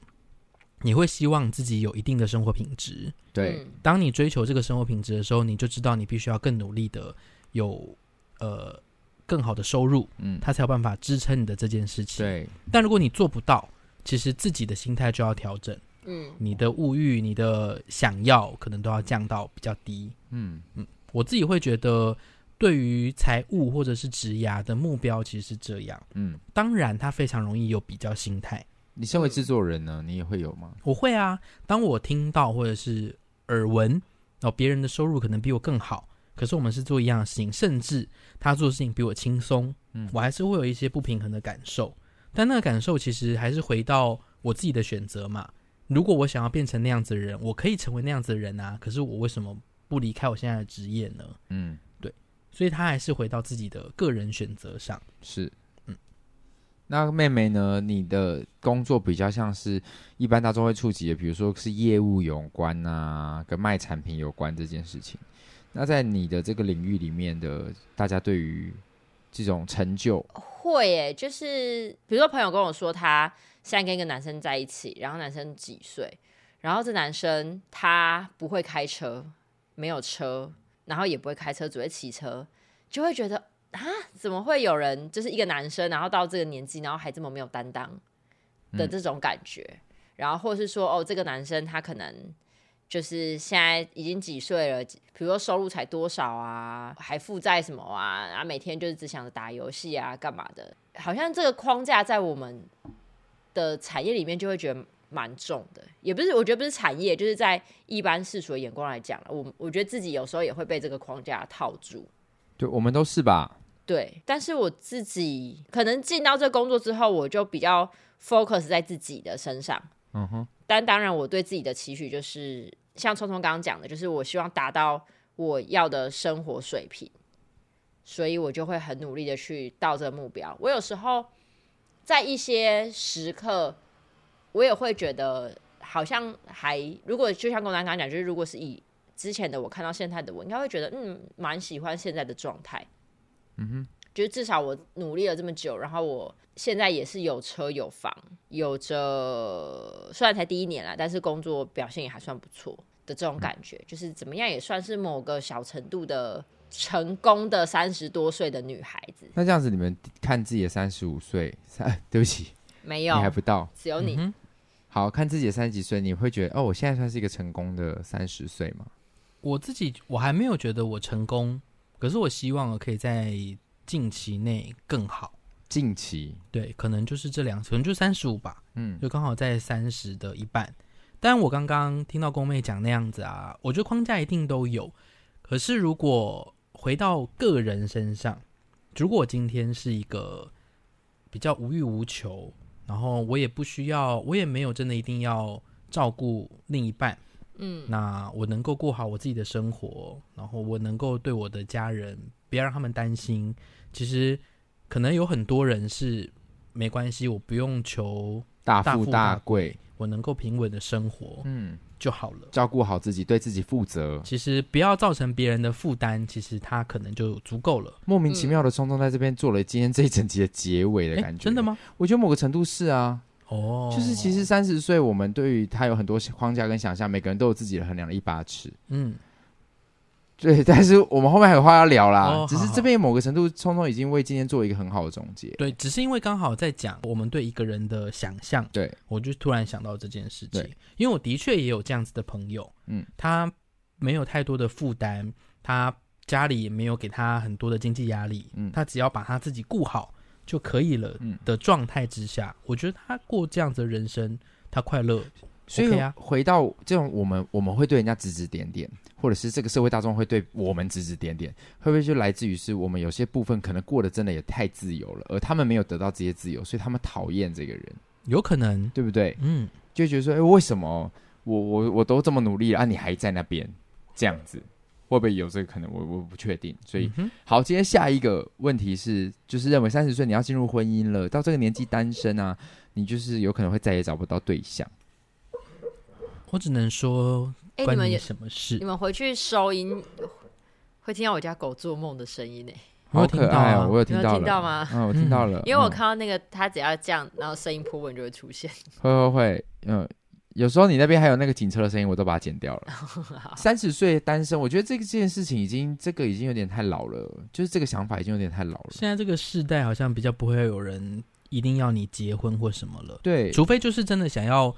Speaker 3: 你會希望自己有一定的生活品質，對。當你追求這個生活品質的時候，你就知道你必須要更努力的有呃，更好的收入，嗯，他才有辦法支撐你的這件事情。對。但如果你做不到，其實自己的心態就要調整，嗯，你的物欲、你的想要可能都要降到比較低，嗯嗯。我自己會覺得，對於財務或者是職涯的目標，其實是這樣，嗯。當然，他非常容易有比較心態。
Speaker 1: 你身為製作人呢，你也會有嗎？
Speaker 3: 我會啊，當我聽到或者是耳聞，然後，嗯，哦，別人的收入可能比我更好，可是我們是做一樣的事情，甚至他做的事情比我輕鬆，嗯，我還是會有一些不平衡的感受。但那個感受其實還是回到我自己的選擇嘛。如果我想要變成那樣子的人，我可以成為那樣子的人啊。可是我為什麼不離開我現在的職業呢？嗯，對，所以他還是回到自己的個人選擇上，
Speaker 1: 是。那妹妹呢？你的工作比較像是一般大眾會觸及的，比如說是業務有關啊，跟賣產品有關這件事情。那在你的這個領域裡面的，大家對於這種成就，
Speaker 2: 會誒、欸，就是比如說朋友跟我說，他現在跟一個男生在一起，然後男生幾歲，然後這男生他不會開車，沒有車，然後也不會開車，只會騎車，就會覺得。啊，怎麼會有人就是一個男生，然後到這個年紀，然後還這麼沒有擔當的這種感覺，嗯？然後或是說，哦，這個男生他可能就是現在已經幾歲了，比如說收入才多少啊，還負債什麼啊，然後，啊，每天就是只想着打遊戲啊，幹嘛的。好像這個框架在我們的產業裡面就會覺得蠻重的，也不是，我覺得不是產業，就是在一般世俗的眼光來講了。我我覺得自己有時候也會被這個框架套住，
Speaker 1: 對，我們都是吧。
Speaker 2: 對，但是我自己可能進到這個工作之後，我就比較 focus 在自己的身上。嗯哼，但當然，我對自己的期許就是，像聰聰剛剛講的，就是我希望達到我要的生活水平，所以我就會很努力的去到這個目標。我有時候在一些時刻，我也會覺得好像還，如果就像公剛剛剛講，就是如果是以之前的我看到現在的我，應該會覺得嗯，蠻喜歡現在的狀態。嗯哼，就是至少我努力了這麼久，然後我現在也是有車有房，有着雖然才第一年啦，但是工作表現也還算不錯的這種感覺、嗯，就是怎麼樣也算是某個小程度的成功的三十多歲的女孩
Speaker 1: 子。那這樣子，你們看自己的三十五歲，三對不起，沒有，你還不到，只有你、嗯、好，看自己的三十幾歲，你會覺得哦，我現在算是一個成功的三十歲嗎？
Speaker 3: 我自己我還沒有覺得我成功。可是我希望我可以在近期內更好。近期對，可能就是這兩次，可能就三十五吧，嗯，就剛好在三十的一半。但我剛剛聽到宮妹講那樣子啊，我覺得框架一定都有。可是如果回到個人身上，如果我今天是一個比較無欲無求，然後我也不需要，我也沒有真的一定要照顧另一半。嗯，那我能夠過好我自己的生活，然後我能夠對我的家人，不要讓他們擔心。其實，可能有很多人是沒關係，我不用求大富大貴，我能夠平穩的生活，嗯，就好
Speaker 1: 了。照顧好自己，對自己負責。其
Speaker 3: 實，不要造成別人的負擔，其實他可能就足夠
Speaker 1: 了。莫名其妙的衝動，在這邊做了今天這一整集的結尾的感覺，欸，真的嗎？我覺得某個程度是啊。
Speaker 3: 哦、oh,，就是其
Speaker 1: 實三十歲，我們對於他有很多框架跟想象每個人都有自己的衡量的一把尺。
Speaker 3: 嗯，
Speaker 1: 對，但是我們後面還有話要聊啦，oh, 只是這邊某個程度，聰聰已經為今天做一個很好的總結。
Speaker 3: 對，只是因為剛好在講我們對一個人的想象對，我就突然想到這件事情，因為我的確也有這樣子的朋友，嗯，他沒有太多的負擔，他家裡也沒有給他很多的經濟壓力，嗯，他只要把他自己顧好。就可以了。嗯，的狀態之下，我覺得他過這樣子的人生，他快樂。所以、okay、啊，
Speaker 1: 回到這種我們，我們會對人家指指點點，或者是這個社會大眾會對我們指指點點，會不會就來自於是我們有些部分可能過得真的也太自由了，而他們沒有得到這些自由，所以他們討厭這個人，有可能，對不對？嗯，就覺得說，誒、欸，為什麼我我我都這麼努力了啊，你還在那邊這樣子？會不會有這個可能？我我不確定。所以、嗯，好，今天下一個問題是，就是認為三十歲你要進入婚姻了，到這個年紀單身啊，你就是有可能會再也找不到對象。
Speaker 3: 我只能說
Speaker 2: 關，哎、欸，你們什麼事？你們回去收音，會聽到我家狗做夢的聲音呢。
Speaker 1: 我有聽到，我有聽到嗎？嗯，我聽到了。因為我
Speaker 2: 看到那個它只要這樣，然後聲音波紋就會出現、嗯。
Speaker 1: 會會會，嗯。有時候你那邊還有那個警車的聲音，我都把它剪掉了。三十歲單身，我覺得這個這件事情已經這個已經有點太老了，就是這個想法已經有點太老
Speaker 3: 了。現在這個世代好像比較不會有人一定要你結婚或什麼了，對，除非就是真的想要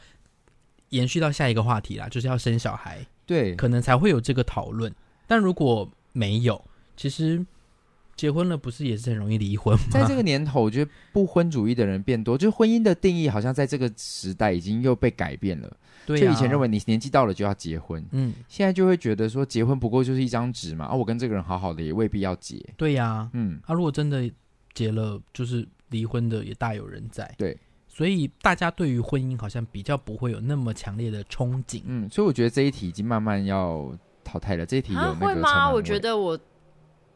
Speaker 3: 延續到下一個話題啦，就是要生小孩，對，可能才會有這個討論。但如果沒有，其實。結婚了不是也是很容易離婚嗎？在這個
Speaker 1: 年頭，我覺得不婚主義的人變多， 就婚姻的定義好像在這個時代已經又被改變了。對、啊，就以前認為你年紀到了就要結婚，嗯，現在就會覺得說結婚不過就是一張紙嘛，啊，我跟這個人好好的也未必要結。對
Speaker 3: 呀、啊，嗯，啊，如果真的結了，就是離婚的也大有人在。對，所以大家對於婚姻好像比較不會有那麼強烈的憧憬，嗯，
Speaker 1: 所以我覺得這一題已經慢慢要淘汰了。這一題有、啊、會嗎？我覺得
Speaker 2: 我。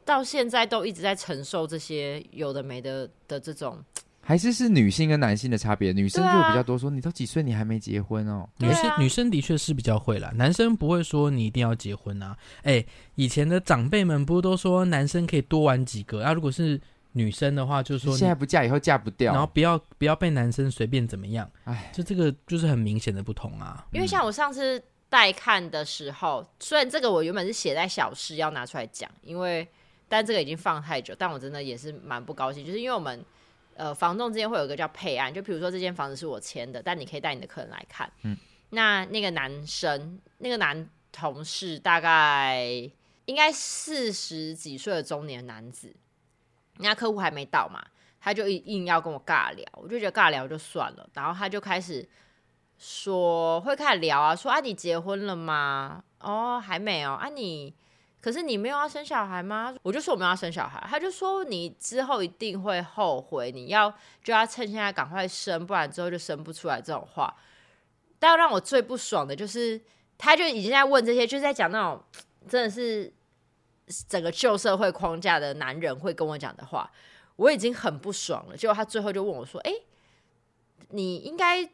Speaker 2: 到現在都一直在承受這些有的沒的的這種，
Speaker 1: 還是是女性跟男性的差別。女生就比較多說：“你都幾歲，你還沒結婚哦？”啊、女生女生的確是比較會啦，男生
Speaker 3: 不會說你一定要結婚啊。哎、欸，以前的長輩們不是都說男生可以多玩幾個啊？如果是女生的話，就是說你現在
Speaker 1: 不嫁，以後嫁不掉，然後
Speaker 3: 不要不要被男生隨便怎麼樣。哎，就這個就是很明顯的不同啊。因為
Speaker 2: 像我上次帶看的時候、嗯，雖然這個我原本是寫在小事要拿出來講，因為。但這個已經放太久，但我真的也是蠻不高興，就是因為我們，呃，房仲之間會有一個叫配案，就比如說這間房子是我簽的，但你可以帶你的客人來看。嗯，那那個男生，那個男同事，大概應該四十幾歲的中年的男子，人家客戶還沒到嘛，他就硬硬要跟我尬聊，我就覺得尬聊就算了，然後他就開始說會開始聊啊，說啊你結婚了嗎？哦，還沒哦，啊你。可是你沒有要生小孩嗎？我就說我沒有要生小孩，他就說你之後一定會後悔，你要就要趁現在趕快生，不然之後就生不出來這種話。但讓我最不爽的就是，他就已經在問這些，就是、在講那種真的是整個舊社會框架的男人會跟我講的話，我已經很不爽了。結果他最後就問我說：“誒、欸，你應該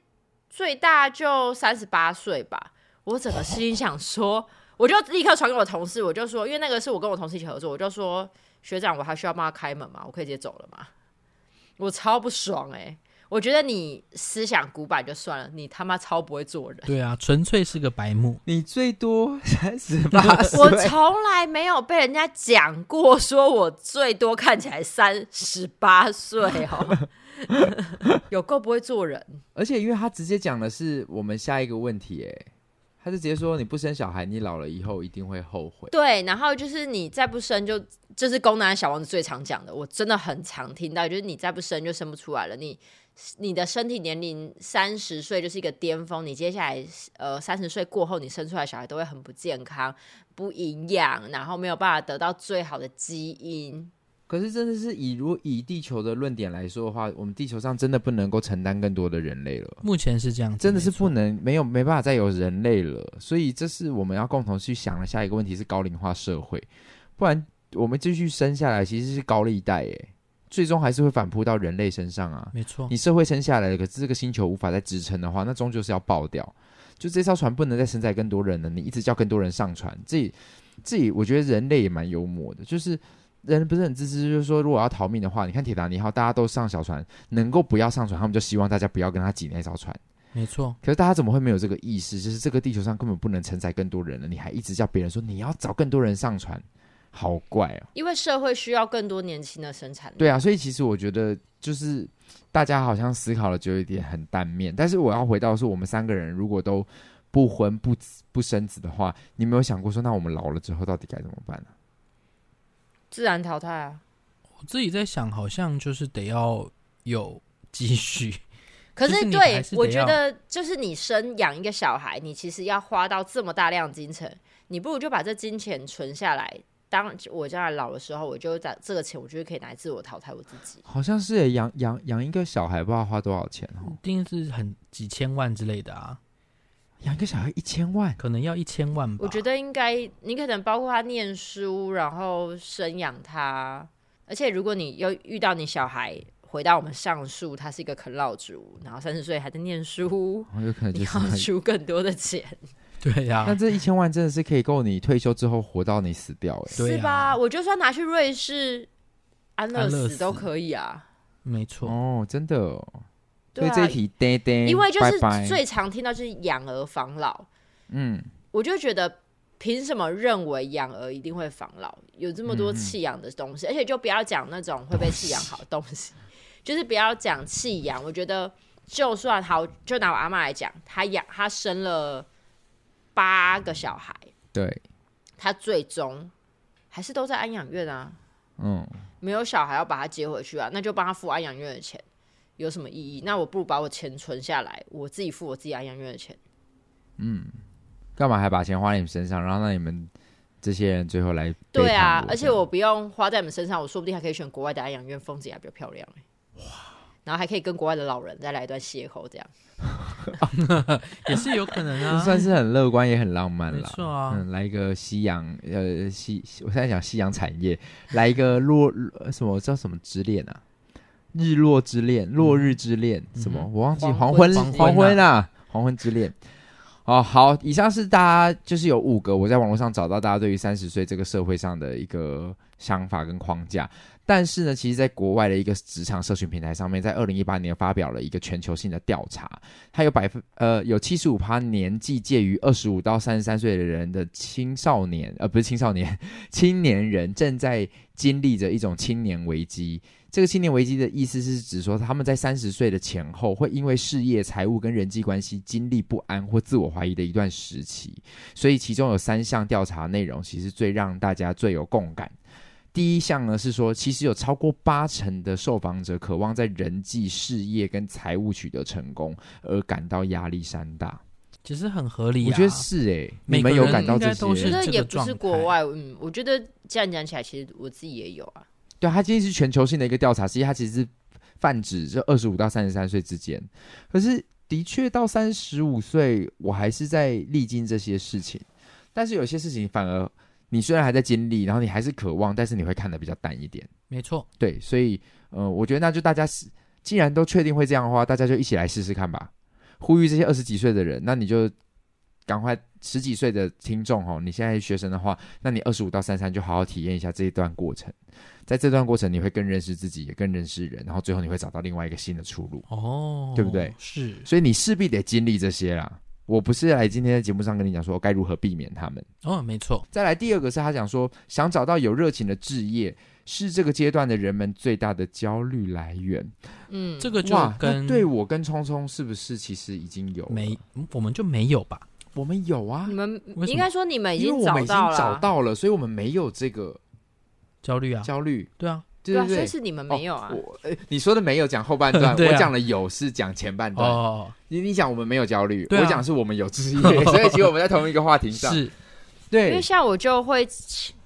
Speaker 2: 最大就三十八歲吧？”我整個心裡想說。我就立刻傳給我同事，我就說，因為那個是我跟我同事一起合作，我就說學長，我還需要幫他開門嗎？我可以直接走了嗎？我超不爽哎、欸！我覺得你思想古板就算了，你他媽超不會做人。
Speaker 3: 對啊，純粹是個白目。你最多
Speaker 2: 三十八歲、啊，我從來沒有被人家講過，說我最多看起來三十八歲哦， 有夠不會做
Speaker 1: 人。而且因為他直接講的是我們下一個問題、欸，哎。他就直接說：“你不生小孩，你老了以後一定會後悔。”
Speaker 2: 對，然後就是你再不生就，就就是宮男小王子最常講的，我真的很常聽到，就是你再不生就生不出來了。你你的身體年齡三十歲就是一個巔峰，你接下來呃三十歲過後，你生出來的小孩都會很不健康、不營養，然後沒有辦法得到最好的基因。
Speaker 1: 可是真的是以如以地球的論點來說的話，我們地球上真的不能夠承擔更多的人類了。目前是這樣，真的是不能沒有沒辦法再有人類了。所以這是我們要共同去想的下一個問題是高齡化社會，不然我們繼續生下來其實是高利貸，欸，最終還是會反撲到人類身上啊。沒錯，你社會生下來了，可是這個星球無法再支撐的話，那終究是要爆掉。就這艘船不能再承載更多人了，你一直叫更多人上船，自己自己，我覺得人類也蠻幽默的，就是。人不是很自私，就是說，如果要逃命的話，你看鐵達尼號，大家都上小船，能夠不要上船，他們就希望大家不要跟他擠那艘船。沒錯，可是大家怎麼會沒有這個意識？就是這個地球上根本不能承載更多人了，你還一直叫別人說你要找更多人上船，好怪哦。
Speaker 2: 因為社會需要更多年輕的生產力。對啊，
Speaker 1: 所以其實我覺得就是大家好像思考了就有一點很單面。但是我要回到說，我們三個人如果都不婚不子不生子的話，你沒有想過說，那我們老了之後到底該怎麼辦呢？
Speaker 2: 自然淘汰啊！
Speaker 3: 我自己在想，好像就是得要有積蓄。可是對我覺得，就是
Speaker 2: 你，是就是你生養一個小孩， 你其實要花到這麼大量金錢，你不如就把這金錢存下來，當我將來老的時候，我就攢這個錢，我覺得可以拿來自我淘汰我自己。
Speaker 1: 好像是也養養養一個小孩，不知道花多少錢，一
Speaker 3: 定是很幾千萬之類的啊。養個小孩一千萬，可能要一千萬吧。我
Speaker 2: 覺得應該，你可能包括他念書，然後生養他，而且如果你又遇到你小孩回到我們上述，他是一個啃老族，然後三十歲還在念書，
Speaker 4: 有、哦、可
Speaker 1: 能就要出
Speaker 2: 更多的錢。
Speaker 1: 對呀、啊，那這一千萬真的是可以夠你退休之後活到你死掉、欸？哎，是
Speaker 2: 吧？對、啊？我就算拿去瑞士安樂死都可以啊。
Speaker 1: 沒錯，哦，真的。對啊，因為就是最
Speaker 2: 常聽到就是養兒防老，嗯，我就覺得憑什麼認為養兒一定會防老？有這麼多棄養的東西、嗯，而且就不要講那種會被棄養好的東西，東西，就是不要講棄養。我覺得就算好，就拿我阿嬤來講，她養她生了八個小孩，對，她最終還是都在安養院啊，嗯，沒有小孩要把她接回去啊，那就幫他付安養院的錢。有什麼意義？那我不如把我錢存下來，我自己付我自己安養院的錢。嗯，
Speaker 1: 幹嘛還把錢花在你們身上？然後讓你們這些人最後來？對啊，
Speaker 2: 而且我不用花在你們身上，我說不定還可以選國外的安養院，風景還比較漂亮，欸，哇！然後還可以跟國外的老人再來一段邂逅，這樣，啊、 也是有可能啊。 算是很
Speaker 1: 樂觀，也很浪漫了。是啊，嗯，來一個夕陽呃夕，我現在講夕陽產業，來一個落什麼叫什麼之戀啊？日落之戀，落日之戀，嗯，什麼？我忘記，黃昏黃昏，黃昏啊，黃昏之戀。哦，好，以上是大家就是有五個，我在網絡上找到大家對於三十歲這個社會上的一個想法跟框架。但是呢，其實，在國外的一個職場社群平台上面，在二零一八年發表了一個全球性的調查，它有百分，呃，有七十五趴年紀介於二十五到三十三歲的人的青少年，呃，不是青少年，青年人正在經歷着一種青年危機。這個青年危機的意思是指說，他們在三十歲的前後會因為事業、財務跟人際關係經歷不安或自我懷疑的一段時期。所以，其中有三項調查內容其實最讓大家最有共感。第一項呢是說，其實有超過八成的受訪者渴望在人際、事業跟財務取得成功，而感到壓力山大。其實很合理啊，我覺得是哎，欸，你們有感到這些？我覺得也不是
Speaker 2: 國外，嗯，我覺得這樣講起來，其實我自己也有啊。
Speaker 1: 對，它今天是全球性的一個調查，其實它其實是泛指，這二十五到三十三歲之間。可是，的確到三十五歲，我還是在歷經這些事情。但是，有些事情反而，你雖然還在經歷，然後你還是渴望，但是你會看得比較淡一點。沒錯，對，所以，呃，我覺得那就大家既然都確定會這樣的話，大家就一起來試試看吧。呼籲這些二十幾歲的人，那你就。趕快十幾歲的聽眾哦，你現在是學生的話，那你二十五到三十三，就好好體驗一下這一段過程。在這段過程，你會更認識自己，也更認識人，然後最後你會找到另外一個新的出路。哦，對不對？是，所以你勢必得經歷這些啦。我不是來今天在節目上跟你講說我該如何避免他們。哦，沒錯。再來第二個是他講說，想找到有熱情的事業是這個階段的人們最大的焦慮來源。
Speaker 4: 嗯，
Speaker 3: 這個話跟對
Speaker 1: 我跟聰聰是不是其實已經有沒我們就沒有吧。我們有啊，你們應該說
Speaker 2: 你們已經找到了。啊，找
Speaker 1: 到了，所以我們沒有這個焦慮啊，焦慮，對啊，對啊，所以是你們沒有啊，哦、我、呃，你說的沒有講後半段。 啊、我講的有是講前半段，哦、 啊，你你講我們沒有焦慮、 啊，我講是我們有這一 所以其實我們在同一個話題上， 是對，因為像
Speaker 2: 我就會，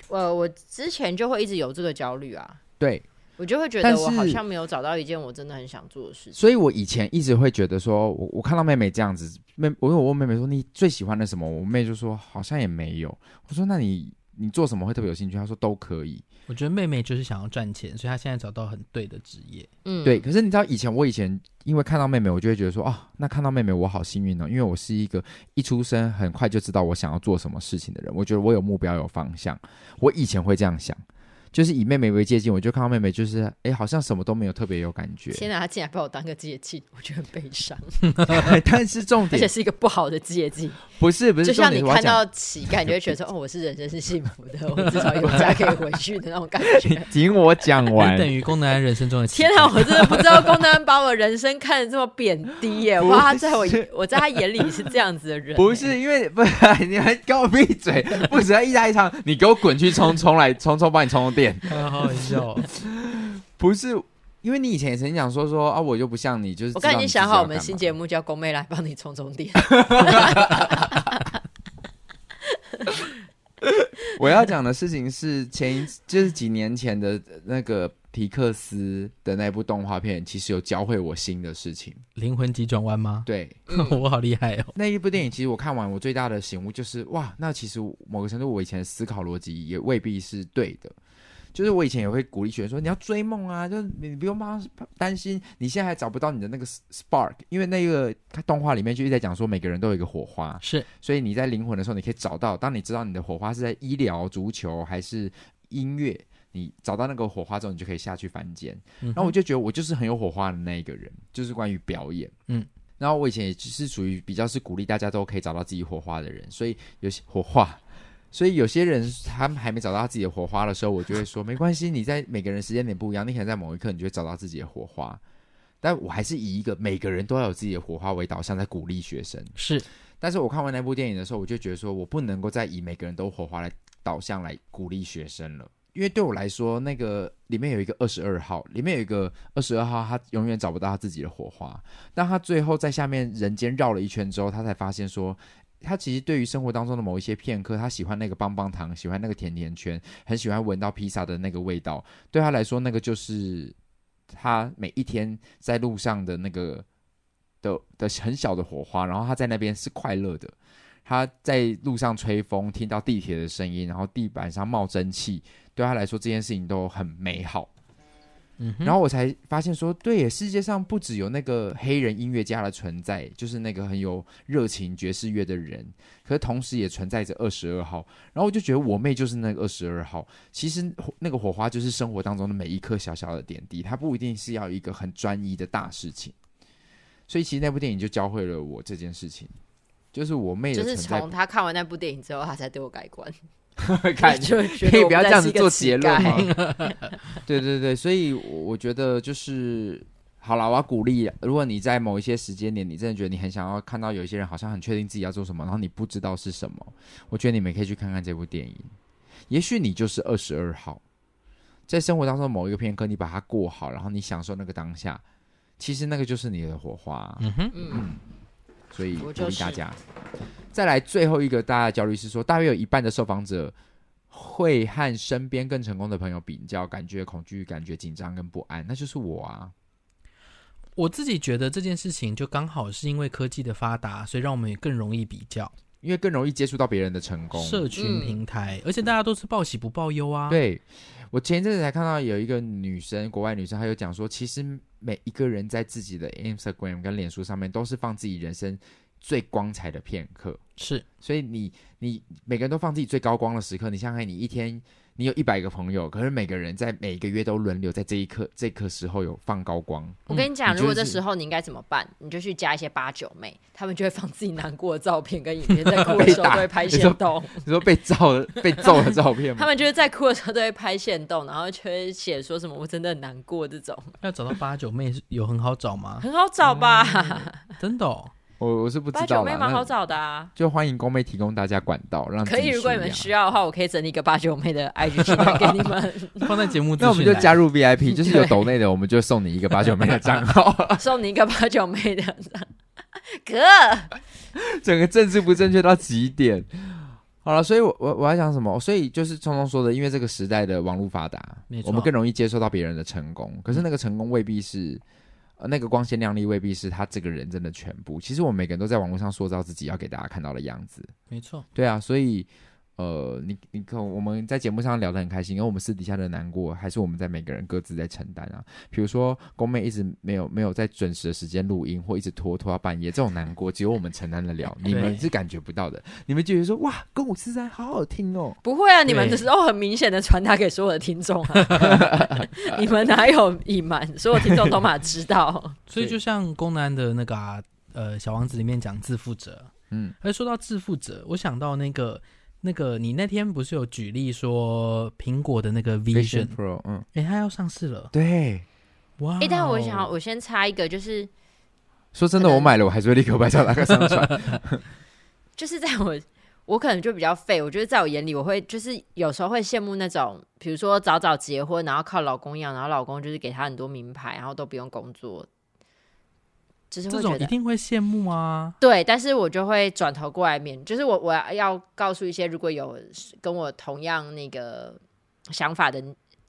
Speaker 2: 呃，我之前就會一直有這個焦慮啊，對。我就會覺得我好像沒有找到一件我真的很想做的事情，所
Speaker 1: 以我以前一直會覺得說，我我看到妹妹這樣子，妹我問我妹妹說你最喜歡的什麼？我妹就說好像也沒有。我說那你你做什麼會特別有興趣？她說都可以。
Speaker 3: 我覺得妹妹就是想要賺錢，所以她現在找到很對的職業。嗯，對。
Speaker 1: 可是你知道，以前我以前因為看到妹妹，我就會覺得說哦，那看到妹妹我好幸運哦，因為我是一個一出生很快就知道我想要做什麼事情的人。我覺得我有目標有方向，我以前會這樣想。就是以妹妹為借鏡，我就看到妹妹，就是哎，好像什麼都沒有特別有感覺。現
Speaker 2: 在她竟然把我當個借鏡，我覺得很悲傷。 但是重點，而且是一個不好的借鏡。不是不是重點，就像你看到乞丐，就會覺，覺得說， 哦，我是人生是幸福的， 我至少有家可以回去的那種感
Speaker 1: 覺。 聽我講
Speaker 3: 完，等於工單人生中的。天啊，我真的不知
Speaker 2: 道工單把我的人生看得這麼貶低耶！哇，我他在我我在他眼裡是這樣子的人。不
Speaker 1: 是因為不來、啊、你還給我閉嘴！不只要一大一場，你給我滾去衝衝來，衝衝幫你衝充電。 很好
Speaker 2: 笑， ，
Speaker 1: 不是，因為你以前也曾經講說說啊，我就不像你，就是我。剛已經想好，我們新
Speaker 2: 節目叫“宮妹”來幫你充充電。
Speaker 1: 我要講的事情是前，就是幾年前的那個皮克斯的那部動畫片，其實有教會我新的事情。靈魂急轉彎嗎？對，嗯、 我好厲害哦！那一部電影其實我看完，我最大的醒悟就是哇，那其實某個程度，我以前思考邏輯也未必是對的。就是我以前也會鼓勵學生說，你要追夢啊，就是你不用怕擔心，你現在還找不到你的那個 spark，因為那個動畫裡面就一直在講說，每個人都有一個火花，是，所以你在靈魂的時候，你可以找到，當你知道你的火花是在醫療、足球還是音樂，你找到那個火花之後，你就可以下去凡間，嗯。然後我就覺得我就是很有火花的那一個人，就是關於表演，嗯，然後我以前也是屬於比較是鼓勵大家都可以找到自己火花的人，所以有些火花。所以有些人他還沒找到自己的火花的時候，我就會說沒關係，你在每個人時間點不一樣，你可能在某一刻你就會找到自己的火花。但我還是以一個每個人都要有自己的火花為導向在鼓勵學生。是，但是我看完那部電影的時候，我就覺得說我不能夠再以每個人都火花來導向來鼓勵學生了，因為對我來說，那個裡面有一個二十二號，裡面有一個二十二號，他永遠找不到他自己的火花，但他最後在下面人間繞了一圈之後，他才發現說。他其實對於生活當中的某一些片刻，他喜歡那個棒棒糖，喜歡那個甜甜圈，很喜歡聞到披薩的那個味道。對他來說，那個就是他每一天在路上的那個的的很小的火花。然後他在那邊是快樂的，他在路上吹風，聽到地鐵的聲音，然後地板上冒蒸汽，對他來說，這件事情都很美好。然後我才發現說，說對，世界上不只有那個黑人音樂家的存在，就是那個很有熱情爵士樂的人，可是同時也存在着二十二號。然後我就覺得我妹就是那個二十二號。其實那個火花就是生活當中的每一顆小小的點滴，它不一定是要一個很專一的大事情。所以其實那部電影就教會了我這件事情，就是我妹就是從
Speaker 2: 他看完那部電影之後，他才對我改觀。 可以不要這樣子做結論
Speaker 1: 啊！ 對對對，所以我覺得就是好了，我要鼓勵。如果你在某一些時間點，你真的覺得你很想要看到有一些人，好像很確定自己要做什麼，然後你不知道是什麼，我覺得你們可以去看看這部電影。也許你就是二十二號，在生活當中某一個片刻，你把它過好，然後你享受那個當下，其實那個就是你的火花。嗯哼，嗯所以鼓勵大家、就是，再來最後一個大家焦慮是說，大約有一半的受訪者會和身邊更成功的朋友比較感覺、感覺恐懼、感覺緊張跟不安，那就是我啊。我自己覺得這件事情就剛
Speaker 4: 好
Speaker 3: 是因為科技的發達，所以讓我們也更容易比較。
Speaker 1: 因為更容易接觸到別人的成功，社群平台，嗯、
Speaker 3: 而且大家都是報喜不報憂啊。對，
Speaker 1: 我前一陣子才看到有一個女生，國外女生，她有講說，其實每一個人在自己的 Instagram 跟臉書上面都是放自己人生最光彩的片刻。是，所以你你每個人都放自己最高光的時刻。你想想，你一天。你有一百個朋友，可是每個人在每個月都輪流在這一刻、這一刻時候有放高光。我跟你講、嗯就是，如果這時
Speaker 2: 候你應該怎麼辦？你就去加一些八九妹，他們就會放自己難過的照片跟影片，在哭的時候都會拍限動。 你說， 你說被照、被揍的照片嗎？ 他們就是在哭的時候都會拍限動，然後就會寫說什麼“我真的很難過”這種。要找到
Speaker 1: 八九妹有很好找嗎？
Speaker 2: 很好找吧，
Speaker 1: 真、嗯、的。等等哦我我是不知道的。八九妹蠻好找的，啊。就歡迎公妹提供大家管道，讓、啊、可以。如果你們
Speaker 2: 需要的話，我可以整理一個八九妹的 IG 給你們。 放
Speaker 3: 在節目，
Speaker 1: 那我們就加入 VIP，就是有抖內的，我們就送你一個八九妹的賬
Speaker 2: 號， 送你一個八九妹的哥。
Speaker 1: 整個政治不正確到極點。好了，所以我，我我我還想什麼？所以就是聰聰說的，因為這個時代的網絡發達，我們更容易接受到別人的成功，可是那個成功未必是。呃，那個光鮮亮麗未必是他這個人真的全部。其實我們每個人都在網絡上塑造自己要給大家看到的樣子。沒錯，對啊，所以。呃，你你可我們在節目上聊得很開心，因為我們私底下的難過，還是我們在每個人各自在承擔啊。比如說，宮妹一直沒有沒有在準時的時間錄音，或一直拖拖到、啊、半夜，這種難過只有我們承擔得了，你們是感覺不到的。你們就覺得說哇，跟我私在好好聽哦、喔，不會啊，你們的時
Speaker 2: 候很明顯的傳達給所有的聽眾啊， 你們哪有隱瞞？所有聽眾都嘛知道。
Speaker 3: 所以就像宮南的那個、啊、呃小王子裡面講自負者，嗯，他說到自負者，我想到那個。那個，你那天不是有舉例說蘋果的那個 Vision, Vision Pro，嗯，哎、欸，它要上市了，對，哇、
Speaker 2: wow！哎、欸，但我想，我先插一個，就是
Speaker 1: 說真的，我買了，我還是會立刻拍照、打開上
Speaker 4: 傳。
Speaker 2: 就是在我，我可能就比較廢。我覺得在我眼裡，我會就是有時候會羨慕那種，比如說早早結婚，然後靠老公養，然後老公就是給他很多名牌，然後都不用工作。這種一
Speaker 3: 定會羨慕啊！
Speaker 2: 對，但是我就會轉頭過來面，就是我我要要告訴一些如果有跟我同樣那個想法的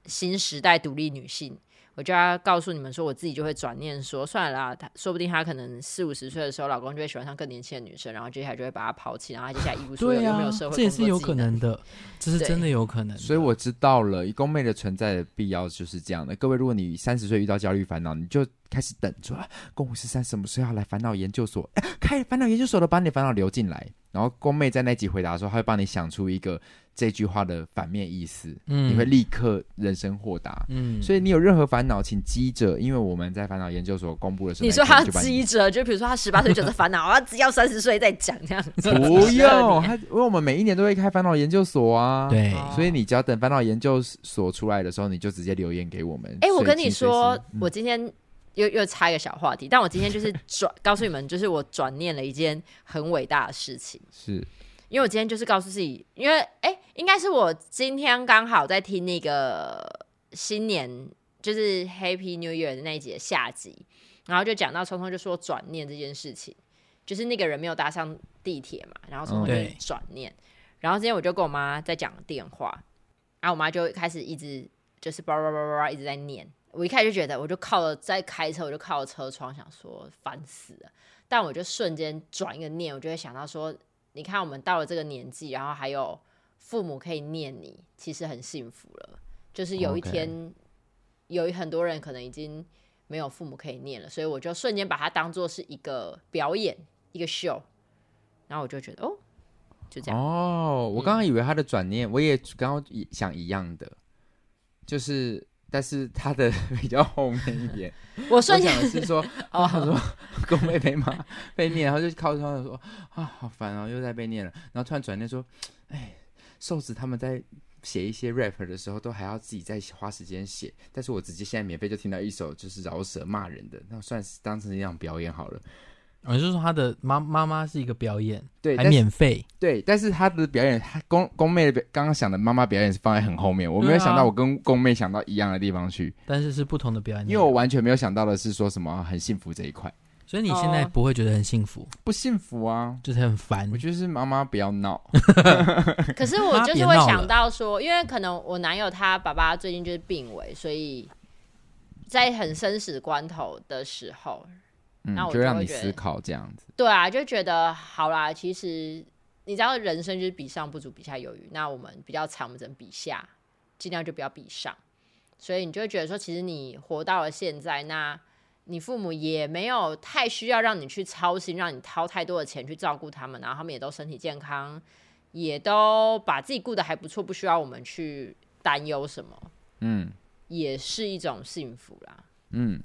Speaker 2: 新時代獨立女性。我就要告訴你們說，我自己就會轉念說，算了啦，他說不定他可能四五十歲的時候，老公就會喜歡上更年輕的女生，然後接下來就會把她拋棄，然後接下來一無所有，啊、沒有社會，這也是有可
Speaker 1: 能的，這是真的有可能的。所以我知道了，公妹的存在的必要就是這樣的。各位，如果你三十歲遇到焦慮煩惱，你就開始等着、啊，公五十三什麼時候要來煩惱研究所？哎，開煩惱研究所都把你煩惱留進來，然後公妹在那集回答的時候，他會幫你想出一個。這句話的反面意思，嗯、你會立刻人生豁達。嗯，所以你有任何煩惱，請記着，因為我們在煩惱研究所公布的時候，你說他記
Speaker 2: 着，就比 如說他十八歲就得煩惱， 他只要要三十歲再講這樣子。不用
Speaker 1: 他，因為我們每一年都會開煩惱研究所啊。對，所以你只要等煩惱研究所出來的時候，你就直接留言給我們。哎、欸，我跟你說，
Speaker 2: 我今天又、嗯、又插一個小話題，但我今天就是轉 告訴你們，就是我轉念了一件很偉大的事情。是。因為我今天就是告訴自己，因為誒，應該是我今天剛好在聽那個新年就是 Happy New Year 的那一集的下集，然後就講到聰聰就說轉念這件事情，就是那個人沒有搭上地鐵嘛，然後聰聰就轉念、oh 然就。然後今天我就跟我媽在講電話，然後我媽就開始一直就是叭叭叭叭一直在念，我一開始就覺得我就靠着在開車，我就靠着車窗想說煩死了，但我就瞬間轉一個念，我就會想到說。你看，我們到了這個年紀，然後還有父母可以念你，其實很幸福了。就是有一天，okay. 有很多人可能已經沒有父母可以念了，所以我就瞬間把它當做是一個表演，一個秀。然後我就覺得，哦，就這
Speaker 1: 樣。哦、oh, 嗯，我剛剛以為他的轉念，我也剛剛想一樣的，就是。但是他的比較後面一點， 我我想的是說，哦， 他說 公妹妹嘛被念，然後就靠窗上說啊，好煩啊、哦，又在被念了，然後突然轉念說，哎，瘦子他們在寫一些 rap 的時候，都還要自己再花時間寫，但是我直接現在免費就聽到一首，就是饒舌罵人的，那算是當成一場表演好了。我、哦、就是說他的媽媽媽是一個表演，對，還免費，對，但是他的表演，宮宮妹的表剛剛想的媽媽表演是放在很後面，我沒有想到我跟宮妹想到一樣的地方去，但是是不同的表演，因為我完全沒有想到的是說什麼很幸福這一塊，所以你現在不會覺得很幸福，Oh. 不幸福啊，就是很煩，我覺得是媽媽不要鬧， 可是我就是會想
Speaker 2: 到說，因為可能我男友他爸爸最近就是病危，所以在很生死關頭的時候。嗯、那我就，會就讓你思考這樣子，對啊，就覺得好啦。其實你知道，人生就是比上不足，比下有餘。那我們比較慘，我們只能比下，盡量就不要比上。所以你就會覺得說，其實你活到了現在，那你父母也沒有太需要讓你去操心，讓你掏太多的錢去照顧他們，然後他們也都身體健康，也都把自己顧得還不錯，不需要我們去擔憂什麼。嗯，也是一種幸福啦。嗯。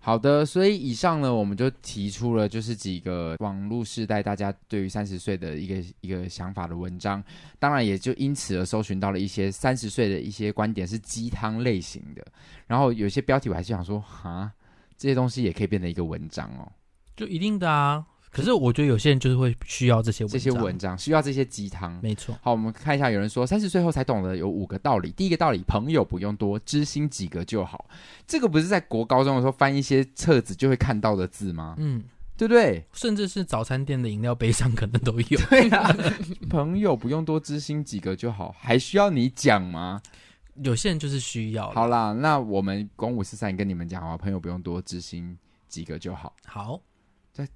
Speaker 1: 好的，所以以上呢，我們就提出了就是幾個網絡時代大家對於三十歲的一個一個想法的文章，當然也就因此而搜尋到了一些三十歲的一些觀點是雞湯類型的，然後有些標題我還是想說，哈、啊，這些東西也可以變成一個文章哦，
Speaker 3: 就一定的啊。
Speaker 1: 可是我覺得有些人就是會需要這些這些文章，需要這些雞湯，沒錯。好，我們看一下，有人說三十歲後才懂得有五個道理。第一個道理，朋友不用多，知心幾個就好。這個不是在國高中的時候翻一些冊子就會看到的字嗎？嗯，對不對？
Speaker 3: 甚至是早餐店的飲料杯上可能都有。
Speaker 1: 對啊， 朋友不用多，知心幾個就好，還需要你講嗎？有些人就是需要。好啦，那我們公五四三跟你，跟你們講啊，朋友不用多，知心幾個就好。好。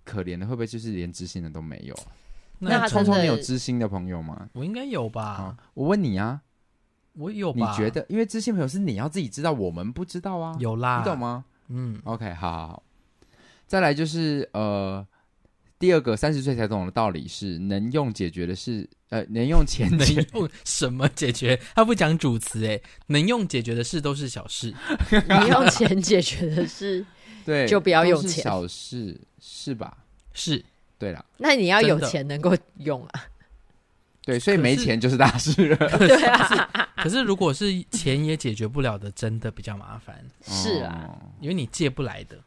Speaker 1: 可憐的會不會就是連知心的都沒有？那聰聰，你有知心的朋友嗎？
Speaker 3: 我應該有吧。
Speaker 1: 我問你啊，
Speaker 3: 我有吧。你覺
Speaker 1: 得？因為知心朋友是你要自己知道，我們不知道啊。有啦，你懂嗎？嗯，OK，好,好,好，再來就是呃，第二個三十歲才懂的道理是，能用解決的事，呃，能用錢 能
Speaker 3: 用什麼解決？他不講主詞，哎，能用解決的事都是小事。
Speaker 2: 能用錢解決的事。對，就不要用錢，小
Speaker 1: 事是吧？是對了，那你要有錢
Speaker 2: 能夠用啊。
Speaker 1: 對，所以沒錢就是大
Speaker 3: 事了。 對啊，可是如果是錢也解決不了的，真的比較麻煩。 是啊，因為你借不來的。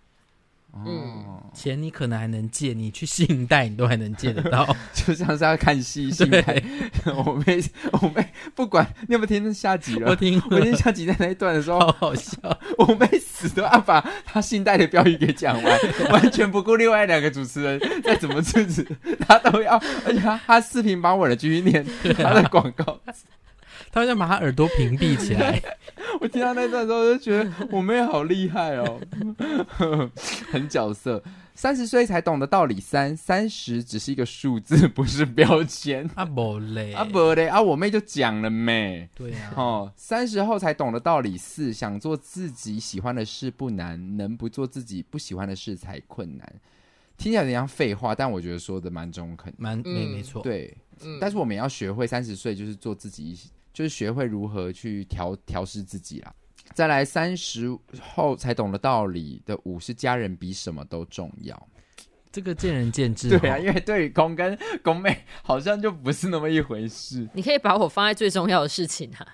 Speaker 3: 嗯、哦，錢你可能還能借，你
Speaker 1: 去信貸你都還能借得到， 就像是要看戲。信貸 我妹，我妹不管你有沒有聽下集了，我聽，我聽下集在那一段的時候，好好笑， 我妹死都要把他信貸的標語給講完， 完全不顧另外兩個主持人再怎麼制止， 他都要，而且他他視頻把我的繼續念、 啊、他的廣告。他好像把他耳朵屏蔽起來。 我聽到那段時候就覺得我妹好厲害哦， 很角色。三十歲才懂得道理三，三十只是一個數字，不是標籤。阿伯嘞，阿伯嘞啊，我妹就講了沒？對啊，哦，三十後才懂得道理四，想做自己喜歡的事不難，能不做自己不喜歡的事才困難。聽起來有點像廢話，但我覺得說的蠻中肯，蠻、欸、沒沒錯。對、嗯，但是我們要學會三十歲就是做自己。就是學會如何去調調試自己啦。再來三十後才懂得道理的五是家人比什麼都重要，
Speaker 3: 這個見仁
Speaker 1: 見智哦。對啊，因為對於公跟公妹好像就不是那麼一回事。
Speaker 2: 你可以把我放在最重要的事情啊？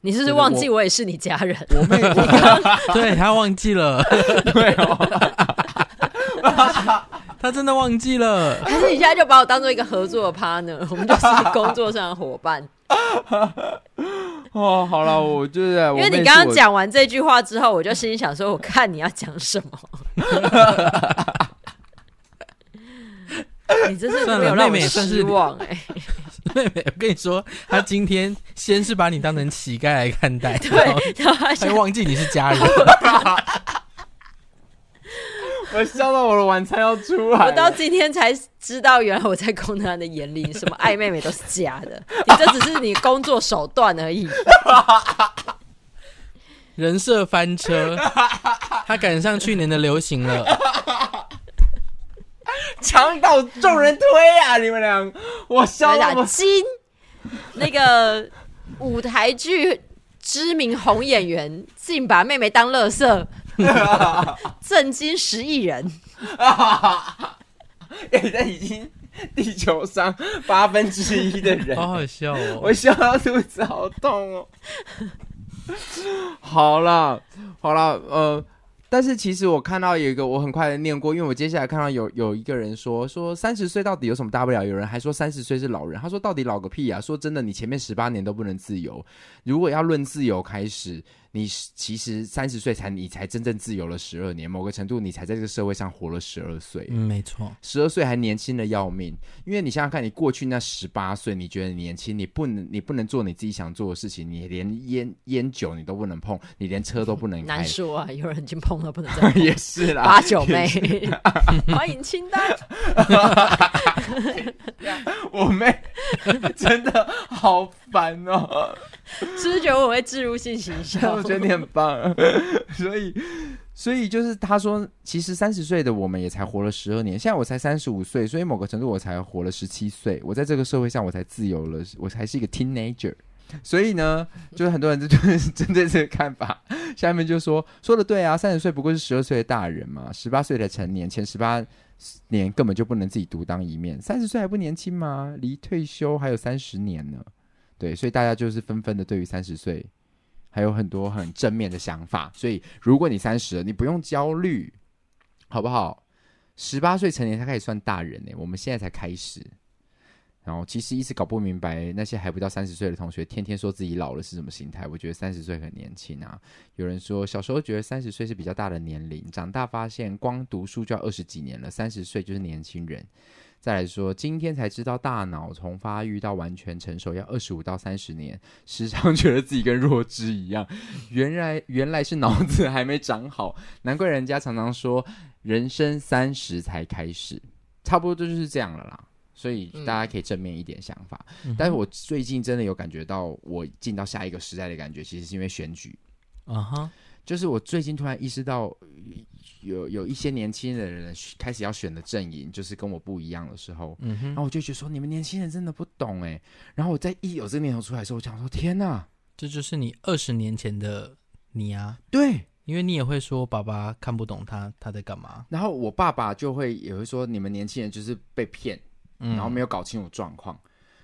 Speaker 2: 你是不是忘記我也是你家人？我 我妹我 我 對，他忘記了。對。
Speaker 3: 他真的忘記了，可
Speaker 2: 是你現在就把我當做一個合作的 partner， 我們就是工作上的伙伴。
Speaker 1: 哦，好了，我就是因為你剛剛講
Speaker 2: 完這句話之後，我就心裡想說，我看你要講什麼。 你真是沒有讓、欸、妹妹失望哎！妹妹，我跟
Speaker 3: 你說，他今天先是把你當成乞丐來看待，對他，他忘記你是家
Speaker 2: 人。 我笑到我的晚
Speaker 1: 餐要出來！
Speaker 2: 我到今天才知道，原來我在公德安的眼裡， 什麼愛妹妹都是假的， 你這只是你工作手段而已。
Speaker 3: 人設翻車， 他趕上去年的流行了，
Speaker 2: 牆倒眾人推啊！你們倆，我笑死！金 那個舞台劇知名紅演員， 竟把妹妹當樂色。 震驚十億人！ 哎，在已經
Speaker 1: 地球上八分之一的人， 好好笑哦！我笑到肚子好
Speaker 4: 痛哦。
Speaker 1: 好了，好了，呃，但是其實我看到有一個，我很快的念過，因為我接下來看到有有一個人說，說三十歲到底有什麼大不了？有人還說三十歲是老人，他說到底老個屁呀、啊。說真的，你前面十八年都不能自由，如果要論自由開始。你其實三十歲才你才真正自由了十二年，某個程度你才在這個社會上活了十二歲。嗯，沒錯，十二歲還年輕的要命。因為你想想看，你過去那十八歲，你覺得年輕，你不能，你不能做你自己想做的事情，你連菸菸酒你都不能碰，你連車都不能
Speaker 2: 開。難說啊，有人已經碰了，不能再。也是啦，八九妹，歡迎清單，我妹真的好煩哦，是不是覺得我會置入性形象？真的很棒，
Speaker 1: 所以，所以就是他說，其實三十歲的我們也才活了十二年，現在我才三十五歲，所以某個程度我才活了十七歲，我在這個社會上我才自由了，我才是一個 teenager，所以呢，就是很多人就針對這個看法，下面就說說的對啊，三十歲不過是十二歲的大人嘛，十八歲才成年，前十八年根本就不能自己獨當一面，三十歲還不年輕嗎？離退休還有三十年呢，對，所以大家就是紛紛的對於三十歲。還有很多很正面的想法，所以如果你三十了，你不用焦慮，好不好？十八歲成年才開始算大人呢、欸，我們現在才開始。然後其實一直搞不明白那些還不到三十歲的同學，天天說自己老了是什麼心態？我覺得三十歲很年輕啊。有人說小時候覺得三十歲是比較大的年齡，長大發現光讀書就要二十幾年了，三十歲就是年輕人。再來說，今天才知道，大腦從發育到完全成熟要二十五到三十年，時常覺得自己跟弱智一樣，原來原來是腦子還沒長好，難怪人家常常說人生三十才開始，差不多就是這樣了啦。所以大家可以正面一點想法。嗯、但是我最近真的有感覺到我進到下一個時代的感覺，其實是因為選舉啊哈。Uh-huh. 就是我最近突然意識到，有有一些年輕人開始要選的陣營，就是跟我不一樣的時候，嗯哼，然後我就覺得說，你們年輕人真的不懂哎、欸。然後我在一有這個念頭出來的時候，我想說，天哪，這就是你二十年前的你啊！對，
Speaker 3: 因為你也會說爸爸看不懂他他在幹嘛。
Speaker 1: 然後我爸爸就會也會說，你們年輕人就是被騙、嗯，然後沒有搞清楚狀況。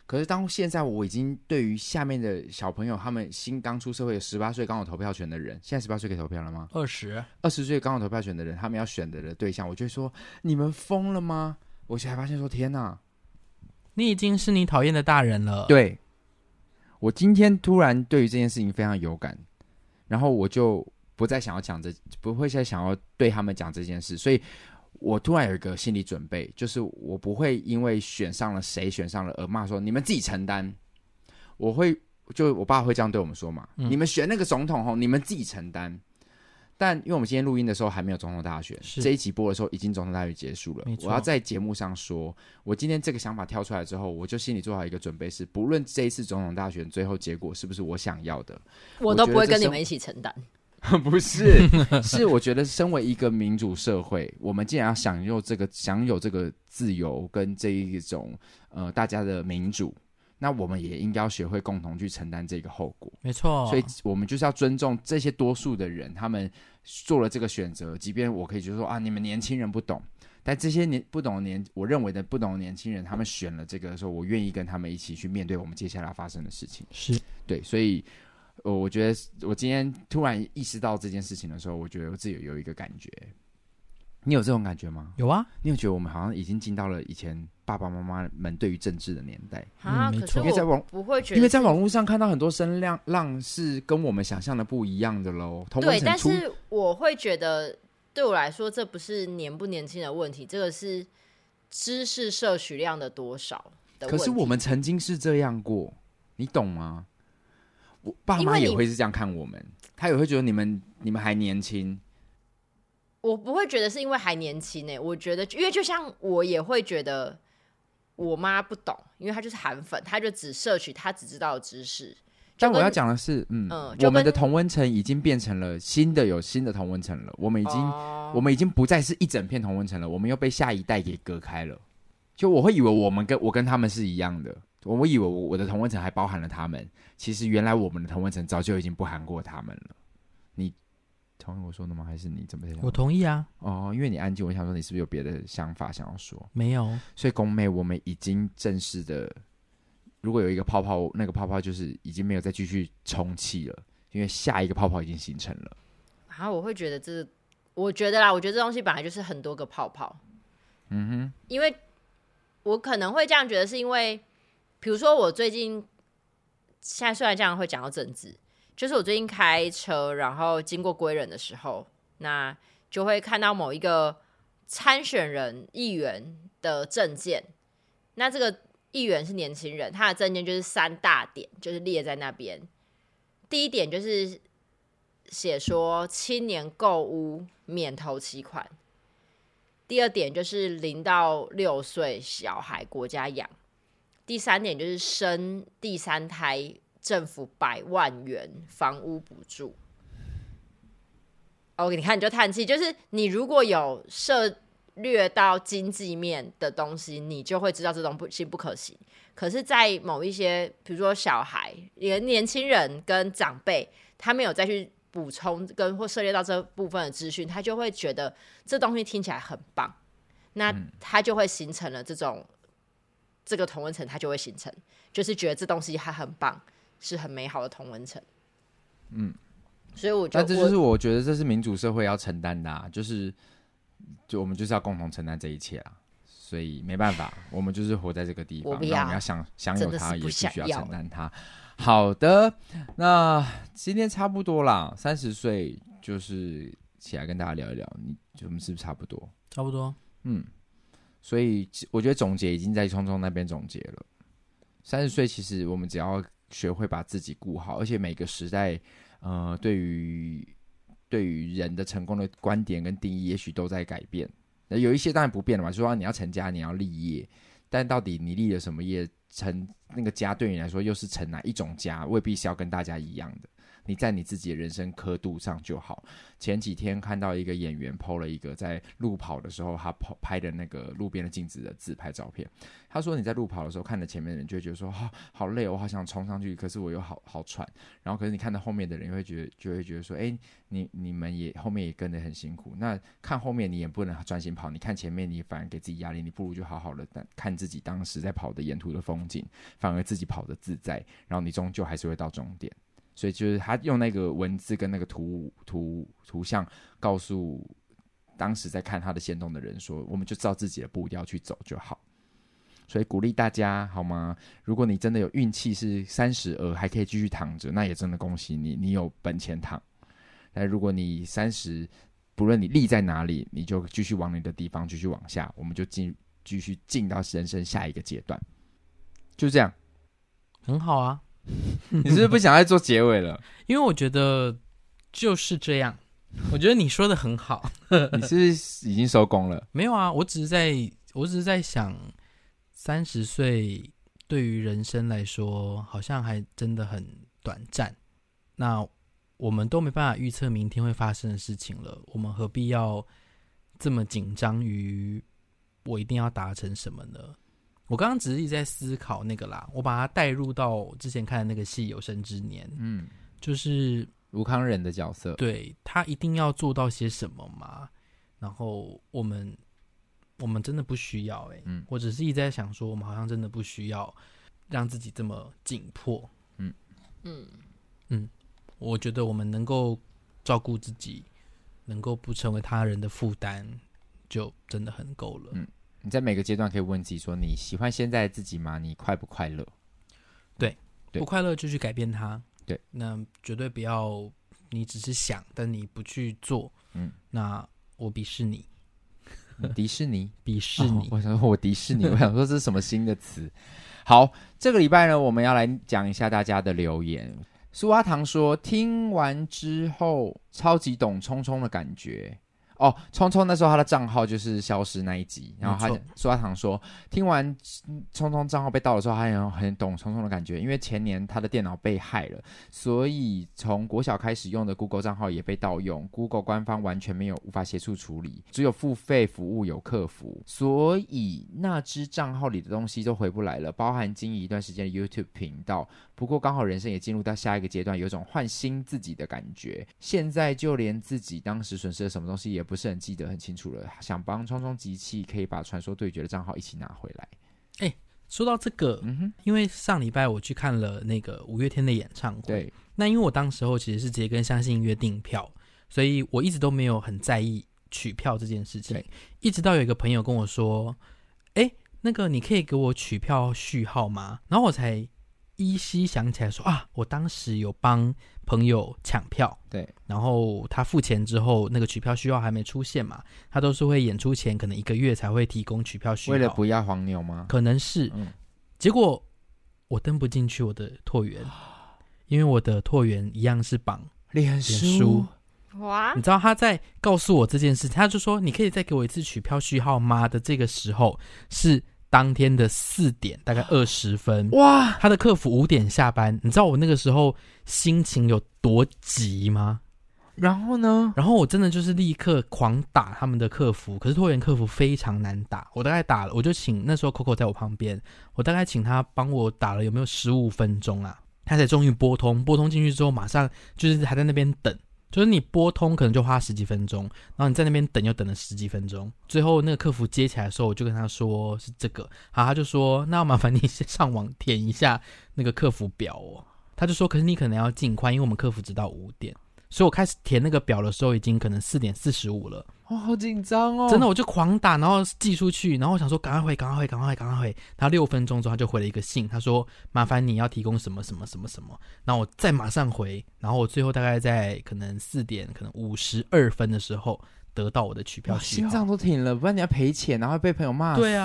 Speaker 1: 可是，當現在我已經對於下面的小朋友，他們新剛出社會十八歲剛有投票權的人，現在十八歲可以投票了嗎？二十，二十歲剛有投票權的人，他們要選擇的對象，我就說你們瘋了嗎？我現在發現說，天哪，
Speaker 3: 你已經是你討厭的大人了。對，
Speaker 1: 我今天突然對於這件事情非常有感，然後我就不再想要講這，不會再想要對他們講這件事，所以。我突然有一個心理準備，就是我不會因為選上了誰選上了而罵說你們自己承擔。我會，就我爸會這樣對我們說嘛，嗯、你們選那個總統後你們自己承擔。但因為我們今天錄音的時候還沒有總統大選，這一集播的時候已經總統大選結束了。沒錯。我要在節目上說，我今天這個想法跳出來之後，我就心裡做好一個準備是，是不論這一次總統大選最後結果是不是我想要的，
Speaker 2: 我都不會跟你們一起承擔。
Speaker 1: 不是，是我覺得，身為一個民主社會，我們既然要享有這個享有這個自由跟這一種呃大家的民主，那我們也應該要學會共同去承擔這個後果。沒錯，所以我們就是要尊重這些多數的人，他們做了這個選擇，即便我可以就說啊，你們年輕人不懂，但這些年不懂年，我認為的不懂的年輕人，他們選了這個，說我願意跟他們一起去面對我們接下來發生的事情。是對，所以。我我覺得我今天突然意識到這件事情的時候，我覺得我自己有一個感覺。你有這種感覺嗎？有啊，你有覺得我們好像已經進到了以前爸爸媽媽們對於政治的年代啊、嗯？沒錯，可以在網不會覺得，因為在網絡、嗯、上看到很多聲量浪是跟我們想象的不一樣的嘍。對，但是
Speaker 2: 我會覺得，對我來說，這不是年不年輕的問題，這個是知識攝取量的多少的問題。可是我
Speaker 1: 們曾經是這樣過，你懂嗎？我爸媽也會是這樣看我們，他也會覺得你們你們還年輕。
Speaker 2: 我不會覺得是因為還年輕誒、欸，我覺得因為就像我也會覺得我媽不懂，因為她就是韓粉，她就只攝取她只知道的知識。但我要講
Speaker 1: 的是，嗯，嗯，我們的同溫層已經變成了新的，有新的同溫層了，我們已經、oh. 我們已經不再是一整片同溫層了，我們又被下一代給隔開了。就我會以為我們跟我跟他們是一樣的。我以為我的同溫層還包含了他們，其實原來我們的同溫層早就已經不含過他們了。你同意我說的嗎？還是你怎麼樣？我同意啊。哦，因為你安靜，我想說你是不是有別的想法想要說？沒有。所以宮妹，我們已經正式的，如果有一個泡泡，那個泡泡就是已經沒有再繼續充氣了，因為下一個泡泡已經形成了。
Speaker 2: 然後、啊、我會覺得這，我覺得啦，我覺得這東西本來就是很多個泡泡。
Speaker 1: 嗯哼，
Speaker 2: 因為我可能會這樣覺得，是因為。比如說，我最近現在雖然這樣會講到政治，就是我最近開車，然後經過歸人的時候，那就會看到某一個參選人議員的證件。那這個議員是年輕人，他的證件就是三大點，就是列在那邊。第一點就是寫說青年購物免投期款。第二點就是零到六歲小孩國家養。第三點就是生第三胎政府百萬元房屋補助。我、oh, 給你看你就嘆氣，就是你如果有涉略到經濟面的東西，你就會知道這種不行，不可行。可是，在某一些，比如說小孩、年、年輕人跟長輩，他沒有再去補充跟或涉獵到這部分的資訊，他就會覺得這東西聽起來很棒，那他就會形成了這種。這個同溫層，它就會形成，就是覺得這東西還很棒，是很美好的同溫層。嗯，所以我覺得這就是我
Speaker 1: 覺得這是民主社會要承擔的啊，就是就我們就是要共同承擔這一切啊。所以沒辦法， 我們就是活在這個地方，我，要我們要想享有它，是也必須要承擔它。好的，那今天差不多啦，三十歲就是起來跟大家聊一聊，你覺得我們是不是差不多？
Speaker 3: 差不多，嗯。
Speaker 1: 所以我覺得總結已經在聰聰那邊總結了。三十歲其實我們只要學會把自己顧好，而且每個時代，呃，對於對於人的成功的觀點跟定義，也許都在改變。那有一些當然不變了嘛，就說你要成家，你要立業，但到底你立了什麼業，成那個家對你來說又是成哪一種家，未必是要跟大家一樣的。你在你自己的人生刻度上就好。前幾天看到一個演員 PO 了一個在路跑的時候，他拍的那個路邊的鏡子的自拍照片。他說：“你在路跑的時候，看着前面的人，就會覺得說，好累，我好想衝上去，可是我又好好喘。然後，可是你看到後面的人，又會覺得就會覺得說，哎、欸，你你們也後面也跟得很辛苦。那看後面你也不能專心跑，你看前面你反而給自己壓力，你不如就好好的看自己當時在跑的沿途的風景，反而自己跑得自在，然後你終究還是會到終點。”所以就是他用那個文字跟那個圖圖圖像告訴當時在看他的行動的人說，我們就照自己的步調去走就好。所以鼓勵大家好嗎？如果你真的有運氣是三十而還可以繼續躺着，那也真的恭喜你，你有本錢躺。那如果你三十，不論你立在哪裡，你就繼續往你的地方繼續往下，我們就進繼續進到人生下一個階段，就這樣，很好啊。 你是不，是不想再做結尾了？
Speaker 3: 因為我覺得就是這樣。我覺得你說得很好。 你是，不
Speaker 1: 是已經收工了？
Speaker 3: 沒有啊，我只是在，我只是在想，三十歲對於人生來說，好像還真的很短暫。那我們都沒辦法預測明天會發生的事情了，我們何必要這麼緊張於我一定要達成什麼呢？我剛剛只是一直在思考那個啦，我把它帶入到之前看的那個戲《有生之年》，嗯，
Speaker 1: 就是吳慷仁的角色，對，
Speaker 3: 他一定要做到些什麼嘛？然後我們，我們真的不需要哎、欸，嗯，我只是一直在想說，我們好像真的不需要讓自己這麼緊迫，嗯，嗯嗯，我覺得我們能夠照顧自己，能夠不成為他人的負擔，就真的很夠了，嗯。
Speaker 1: 你在每個階段可以問自己：說你喜歡現在自己嗎？你快不快樂？對，不
Speaker 3: 快樂就去改變它。對，那絕對不要你只是想，但你不去
Speaker 1: 做。嗯，那我鄙視你，嗯、迪士尼 鄙視你。哦、我想說，我迪士尼， 我想說，這是什麼新的詞？好，這個禮拜呢，我們要來講一下大家的留言。蘇阿糖說：聽完之後，超級懂匆匆的感覺。哦，聰聰那時候他的賬號就是消失那一集，然後他說他常說，聽完聰聰賬號被盜的時候，他也很懂聰聰的感覺，因為前年他的電腦被害了，所以從國小開始用的 Google 賬號也被盜用，Google 官方完全沒有無法協助處理，只有付費服務有客服，所以那只賬號裡的東西都回不來了，包含經營一段時間的 YouTube 頻道。不過剛好人生也進入到下一個階段，有種換新自己的感覺，現在就連自己當時損失了什麼東西也不。不是很記得很清楚了，想幫聰聰集氣可以把傳說對決的賬號一起拿回來。
Speaker 3: 哎、欸，說到這個，嗯哼，因為上禮拜我去看了那個五月天的演唱會，那因為我當時候其實是直接跟相信音樂訂票，所以我一直都沒有很在意取票這件事情。對，一直到有一個朋友跟我說：“哎、欸，那個你可以給我取票序號嗎？”然後我才依稀想起來說：“啊，我當時有幫。”朋友搶票，對，然後他付錢之後，那個取票序號還沒出現嘛，他都是會演出前可能一個月才會提供取票序號。為了不
Speaker 1: 壓黃牛嗎？可
Speaker 3: 能是。嗯，結果我登不進去我的拓元，因為我的拓元一樣是綁臉書、臉書。
Speaker 4: 哇！
Speaker 3: 你知道他在告訴我這件事，他就說，你可以再給我一次取票序號嗎？的這個時候是。當天的四點大概二十分，哇！他的客服五點下班，你知道我那個時候心情有多急嗎？然後呢？然後我真的就是立刻狂打他們的客服，可是拓元客服非常難打，我大概打了，我就請那時候 Coco 在我旁邊，我大概請他幫我打了有沒有十五分鐘啊？他才終於撥通，撥通進去之後馬上就是還在那邊等。就是你撥通可能就花十幾分鐘，然後你在那邊等又等了十幾分鐘，最後那個客服接起來的時候，我就跟他說是這個，好，他就說那麻煩你先上網填一下那個客服表哦，他就說可是你可能要儘快，因為我們客服只到五點，所以我開始填那個表的時候已經可能四點四十五了。
Speaker 1: 哇、哦，好緊張哦！真的，我
Speaker 3: 就狂打，然後寄出去，然後我想說趕快回，趕快回，趕快回，趕快回。他六分鐘之後，他就回了一個信，他說麻煩你要提供什麼什麼什麼什麼。然後我再馬上回，然後我最後大概在可能四點可能五十二分的時候得到我的取票信。心臟
Speaker 1: 都停了，不然你要賠錢，然後被朋友罵死欸。對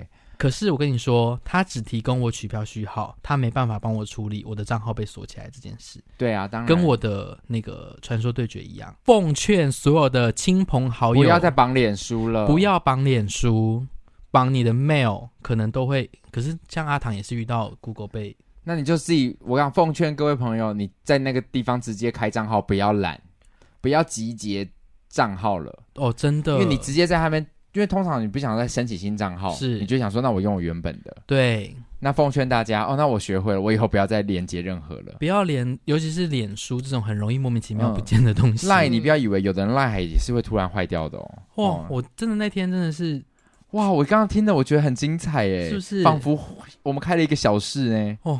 Speaker 1: 啊。
Speaker 3: 可是我跟你說，他只提供我取票序號，他沒辦法幫我處理我的賬號被鎖起來這件事。對啊，當然跟我的那個傳說對決一樣。奉勸所有的親朋好友，不要再
Speaker 1: 綁臉書了，不
Speaker 3: 要綁臉書，綁你的 mail 可能都會。可是像阿唐也是遇到 Google 被，
Speaker 1: 那你就自己，我想奉勸各位朋友，你在那個地方直接開賬號，不要懶，不要集結賬號了。哦，真的。因為你直接在他那邊。因為通常你不想再申請新賬號，是你就想說，那我用我原本的。對，那奉勸大家哦，那我學會了，我以後不要再連接任何了，
Speaker 3: 不要連，尤其是臉書這種很容易莫名其妙不見的東西。賴、嗯，Line、你
Speaker 1: 不要以為有的人賴也是會突然壞掉的哦。哇哦，我真的那天真的是，哇，我剛剛聽的我覺得很精彩耶、欸，是不是？仿佛我們開了一個小室呢、欸。哦。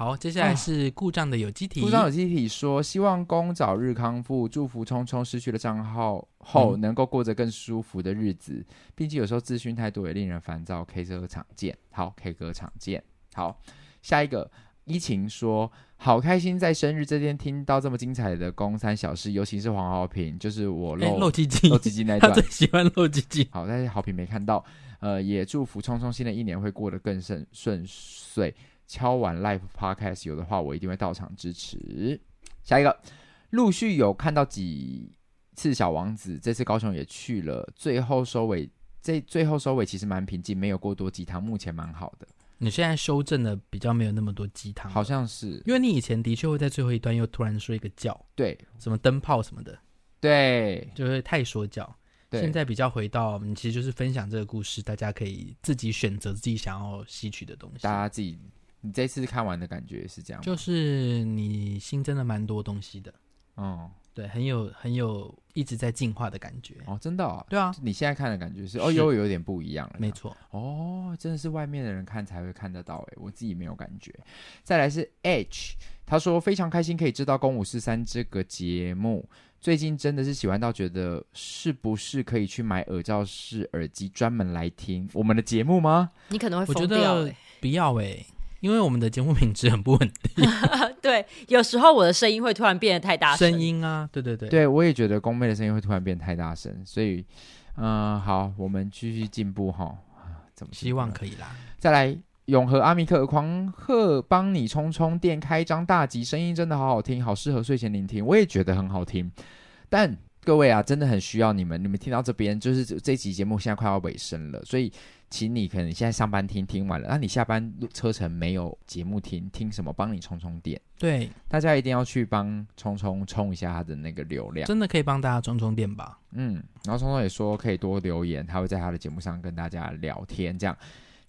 Speaker 1: 好，接下來是故障的有機體、啊。故障有機體說：“希望公早日康復，祝福聰聰失去了賬號後、嗯、能夠過着更舒服的日子，畢竟有時候資訊太多也令人煩躁。”K 歌常見，好，K 歌常見。好，下一個伊晴說：“好開心在生日這天聽到這麼精彩的公三小事，尤其是黃豪平，就是我露露唧唧露唧唧那一段，他最喜歡露唧唧。好，但是好評沒看到。呃，也祝福聰聰新的一年會過得更順順遂。敲完 live podcast 有的話，我一定會到場支持。下一個，陸續有看到幾次小王子，這次高雄也去了。最後收尾，這最後收尾其實蠻平靜，沒有過多雞湯，目前蠻好的。
Speaker 3: 你現在修正的比較沒有那麼多雞湯，好像是，因為你以前的確會在最後一段又突然說一個叫，對，什麼燈泡什麼的，對，就是太說教。現在比較回到，你其實就是分享這個故事，大家可以
Speaker 1: 自己選擇自己想要吸取的東西，大家自己。你這次看完的感覺是這樣，就
Speaker 3: 是你新增了蠻多東西的，
Speaker 1: 哦、嗯，
Speaker 3: 對，很有很有一直在進化的感覺，
Speaker 1: 哦，真的、啊，對啊，你現在看的感覺是，是哦，又有，有點不一樣了樣，沒錯，哦，真的是外面的人看才會看得到，欸，哎，我自己沒有感覺。再來是 H，他說非常開心可以知道《公五四三》這個節目，最近真的是喜歡到覺得是不是可以去買耳罩式耳機專門來聽我們的節目嗎？
Speaker 2: 你可能會瘋掉，欸、我覺
Speaker 1: 得不要、欸因為我們的節目品質很不穩
Speaker 3: 定
Speaker 2: 對，有時候我的聲音會突然變得太大聲，聲音啊，對
Speaker 1: 對對，對我也覺得宮妹的聲音會突然變得太大聲，所以，嗯、呃，好，我們繼續進步哈、啊，怎麼？希望可以啦，再來永和阿密克狂鶴幫你充充電，開張大吉，聲音真的好好聽，好適合睡前聆聽，我也覺得很好聽，但各位啊，真的很需要你們，你們聽到這邊就是這期節目現在快要尾聲了，所以。請你可能現在上班聽，聽完了，那、啊、你下班車程沒有節目聽，聽什麼幫你充充電？對，大家一定要去幫聰聰充一下他的那個流量，真
Speaker 3: 的可以幫大家充
Speaker 1: 充電吧？嗯，然後聰聰也說可以多留言，他會在他的節目上跟大家聊天。這樣，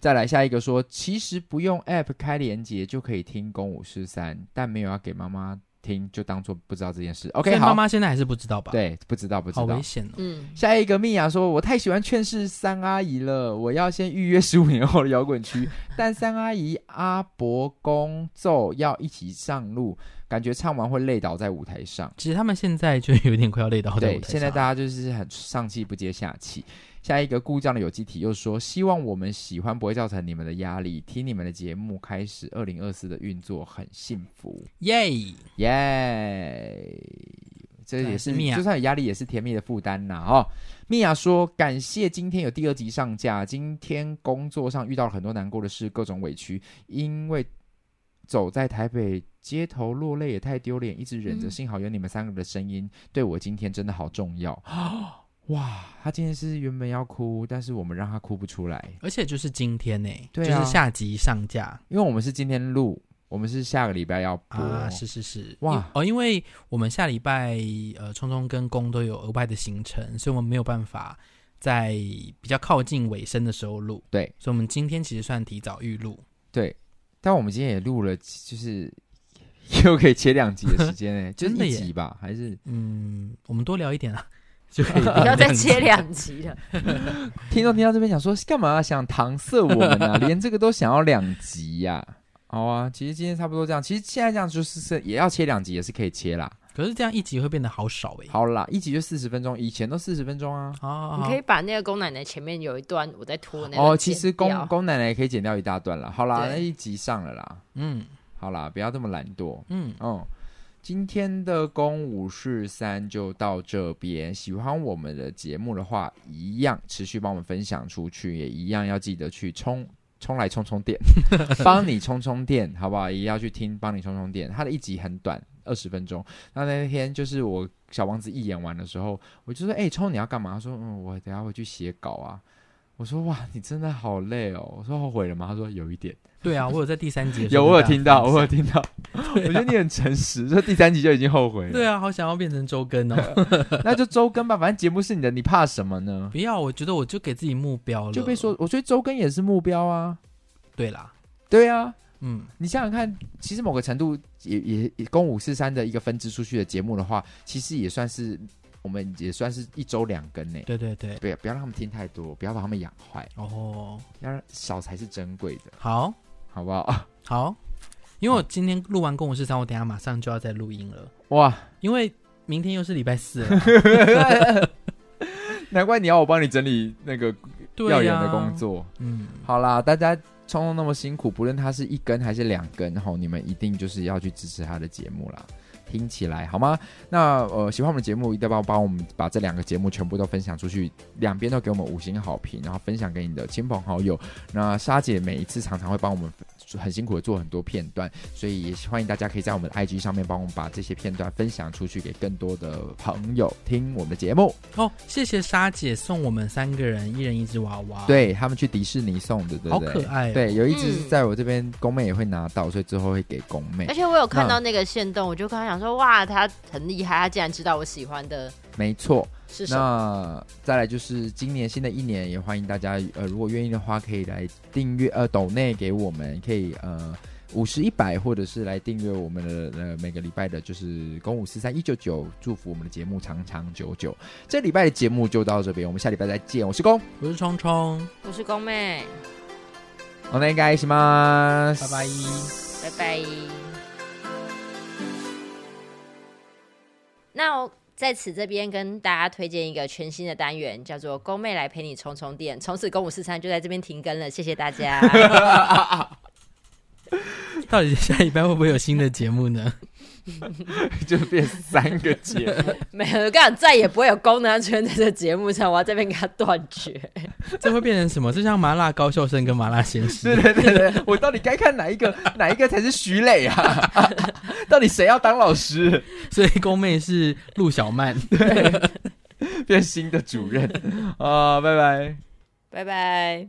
Speaker 1: 再來下一個說，其實不用 App 開連接就可以聽《公五四三》，但沒有要給媽媽。聽就當做不知道這件事。OK，好，媽媽現在還是不知道吧？對，不知道，不知道。好危險哦。嗯，下一個，蜜雅說：“我太喜歡勸世三阿姨了，我要先預約十五年後的搖滾區。 但三阿姨阿伯公奏要一起上路，感覺唱完會累倒在舞台上。其實
Speaker 3: 他們現在就有點快要累倒在舞台上。對，現在大
Speaker 1: 家就是很上氣不接下氣。”下一個故障的有機體又說：“希望我們喜歡不會造成你們的壓力，聽你們的節目開始二零二四的運作很幸福，耶耶！這也是蜜雅就算有壓力也是甜蜜的負擔吶、啊，哈。哦”蜜雅說：“感謝今天有第二集上架，今天工作上遇到了很多難過的事，各種委屈，因為走在台北街頭落淚也太丟臉，一直忍着、嗯，幸好有你們三個的聲音，對我今天真的好重要。” 哇，他今天是原本要哭，但是我們讓他哭不出來。而且就是今天呢、啊，就是下集上架，因為我們是今天錄，我們是下個禮拜要
Speaker 3: 播。啊，是
Speaker 1: 是是，哇，
Speaker 3: 哦，因為我們下禮拜呃，聰聰跟公都有額外的行程，所以我們沒有辦法在比較靠近尾聲的時候錄。對，所以我們今天其實算提早預錄。
Speaker 1: 對，但我們今天也錄了，就是又可以切兩集的時間誒， 就一集吧？還是嗯，
Speaker 3: 我們多聊一點啊。
Speaker 1: 不要再切兩
Speaker 2: 集了。
Speaker 1: 聽眾聽到這邊，想說幹嘛想搪塞我們呢、啊？連這個都想要兩集呀？好啊、哦，啊、其實今天差不多這樣。其實現在這樣就是也要切兩集，也是可以切啦。可是這樣一集會變得好少誒。好啦，一集就四十分鐘，以前都四十分鐘啊。你可以
Speaker 2: 把那個公奶奶前面有一段我在拖那個。哦，其實公
Speaker 1: 公奶奶也可以剪掉一大段了。好啦，那一集上了啦。嗯，好啦，不要這麼懶惰。嗯嗯。今天的公武士三就到這邊。喜歡我們的節目的話，一樣持續幫我們分享出去，也一樣要記得去充，充來充充電，幫 你充充電，好不好？也要去聽，幫你充充電。它的一集很短，二十分鐘。那那天就是我小王子一演完的時候，我就說：“誒、欸，充你要幹嘛？”他說：“嗯，我等下回去寫稿啊。”我說：“哇，你真的好累哦。”我說：“後悔了嗎？”他說：“有一點。”對啊，我有在第三節 有，有，我有聽到，我有聽到。 啊、我覺得你很誠實，這第三集就已經後悔了。對
Speaker 3: 啊，好想要變成周更哦，
Speaker 1: 那就周更吧，反正節目是你的，你怕什麼呢？
Speaker 3: 不要，我覺得我就給自己目標了。就
Speaker 1: 被說，我覺得周更也是目標啊。對啦，對啊，嗯，你想想看，其實某個程度也也也共五四三的一個分支出去的節目的話，其實也算是我們也算是一周兩更呢。對對對，對、啊，不要讓他們聽太多，不要把他們養壞。哦、oh.，要少才是珍貴的，好，好不好？好。因為我今天錄完公
Speaker 3: 文市場我等一下馬上就要再錄音了。哇！因為明天又是禮拜四
Speaker 1: 了，啊， 難怪你要我幫你整理那個調研的工作、啊。嗯，好啦，大家衝動那麼辛苦，不論他是一根還是兩根，吼，你們一定就是要去支持他的節目啦。聽起來好嗎？那呃，喜歡我們的節目，一定要幫我們把這兩個節目全部都分享出去，兩邊都給我們五星好評，然後分享給你的親朋好友。那莎姐每一次常常會幫我們。很辛苦的做很多片段，所以也歡迎大家可以在我們的 IG 上面幫我們把這些片段分享出去，給更多的朋友聽我們的節目
Speaker 3: 哦。謝謝莎姐送我們三個人一人一隻娃娃，
Speaker 1: 對他們去迪士尼送的，對不對？好可愛，哦。對，有一隻是在我這邊宮、嗯、妹也會拿到，所以之後會給宮妹。而且我有看到那
Speaker 2: 個限動，我就剛剛想說，哇，他很厲害，他竟然知道我喜歡的。
Speaker 1: 沒錯。那再來就是今年新的一年，也歡迎大家，呃，如果願意的話，可以來訂閱，呃，斗內給我們，可以呃五十一百，50, 100, 或者是來訂閱我們的，呃，每個禮拜的就是公五四三一九九，祝福我們的節目長長久久。這禮拜的節目就到這邊，我們下禮拜再見。我是公，我是聰聰，
Speaker 2: 我是公妹。
Speaker 1: 好，那 guys，拜拜，拜拜。
Speaker 2: 那我。在此這邊跟大家推薦一個全新的單元，叫做“公妹來陪你充充電”。從此公五四三就在這邊停更了，謝謝大家。
Speaker 3: 到底下一半會不會有新的節目呢？ 就變三個
Speaker 1: 節目，
Speaker 2: 沒有，我跟你講，再也不會有功能安全的這節目上，我要這邊給他斷絕。
Speaker 3: 這會變成什麼？這像麻辣高校生跟麻辣鮮師 對對
Speaker 2: 對對，我到底該看哪一個？ 哪一個才是徐磊啊？
Speaker 3: 到底誰要當老師？ 所以公妹是陸小曼，對 變新的主任
Speaker 1: 啊、哦！拜拜，
Speaker 2: 拜拜。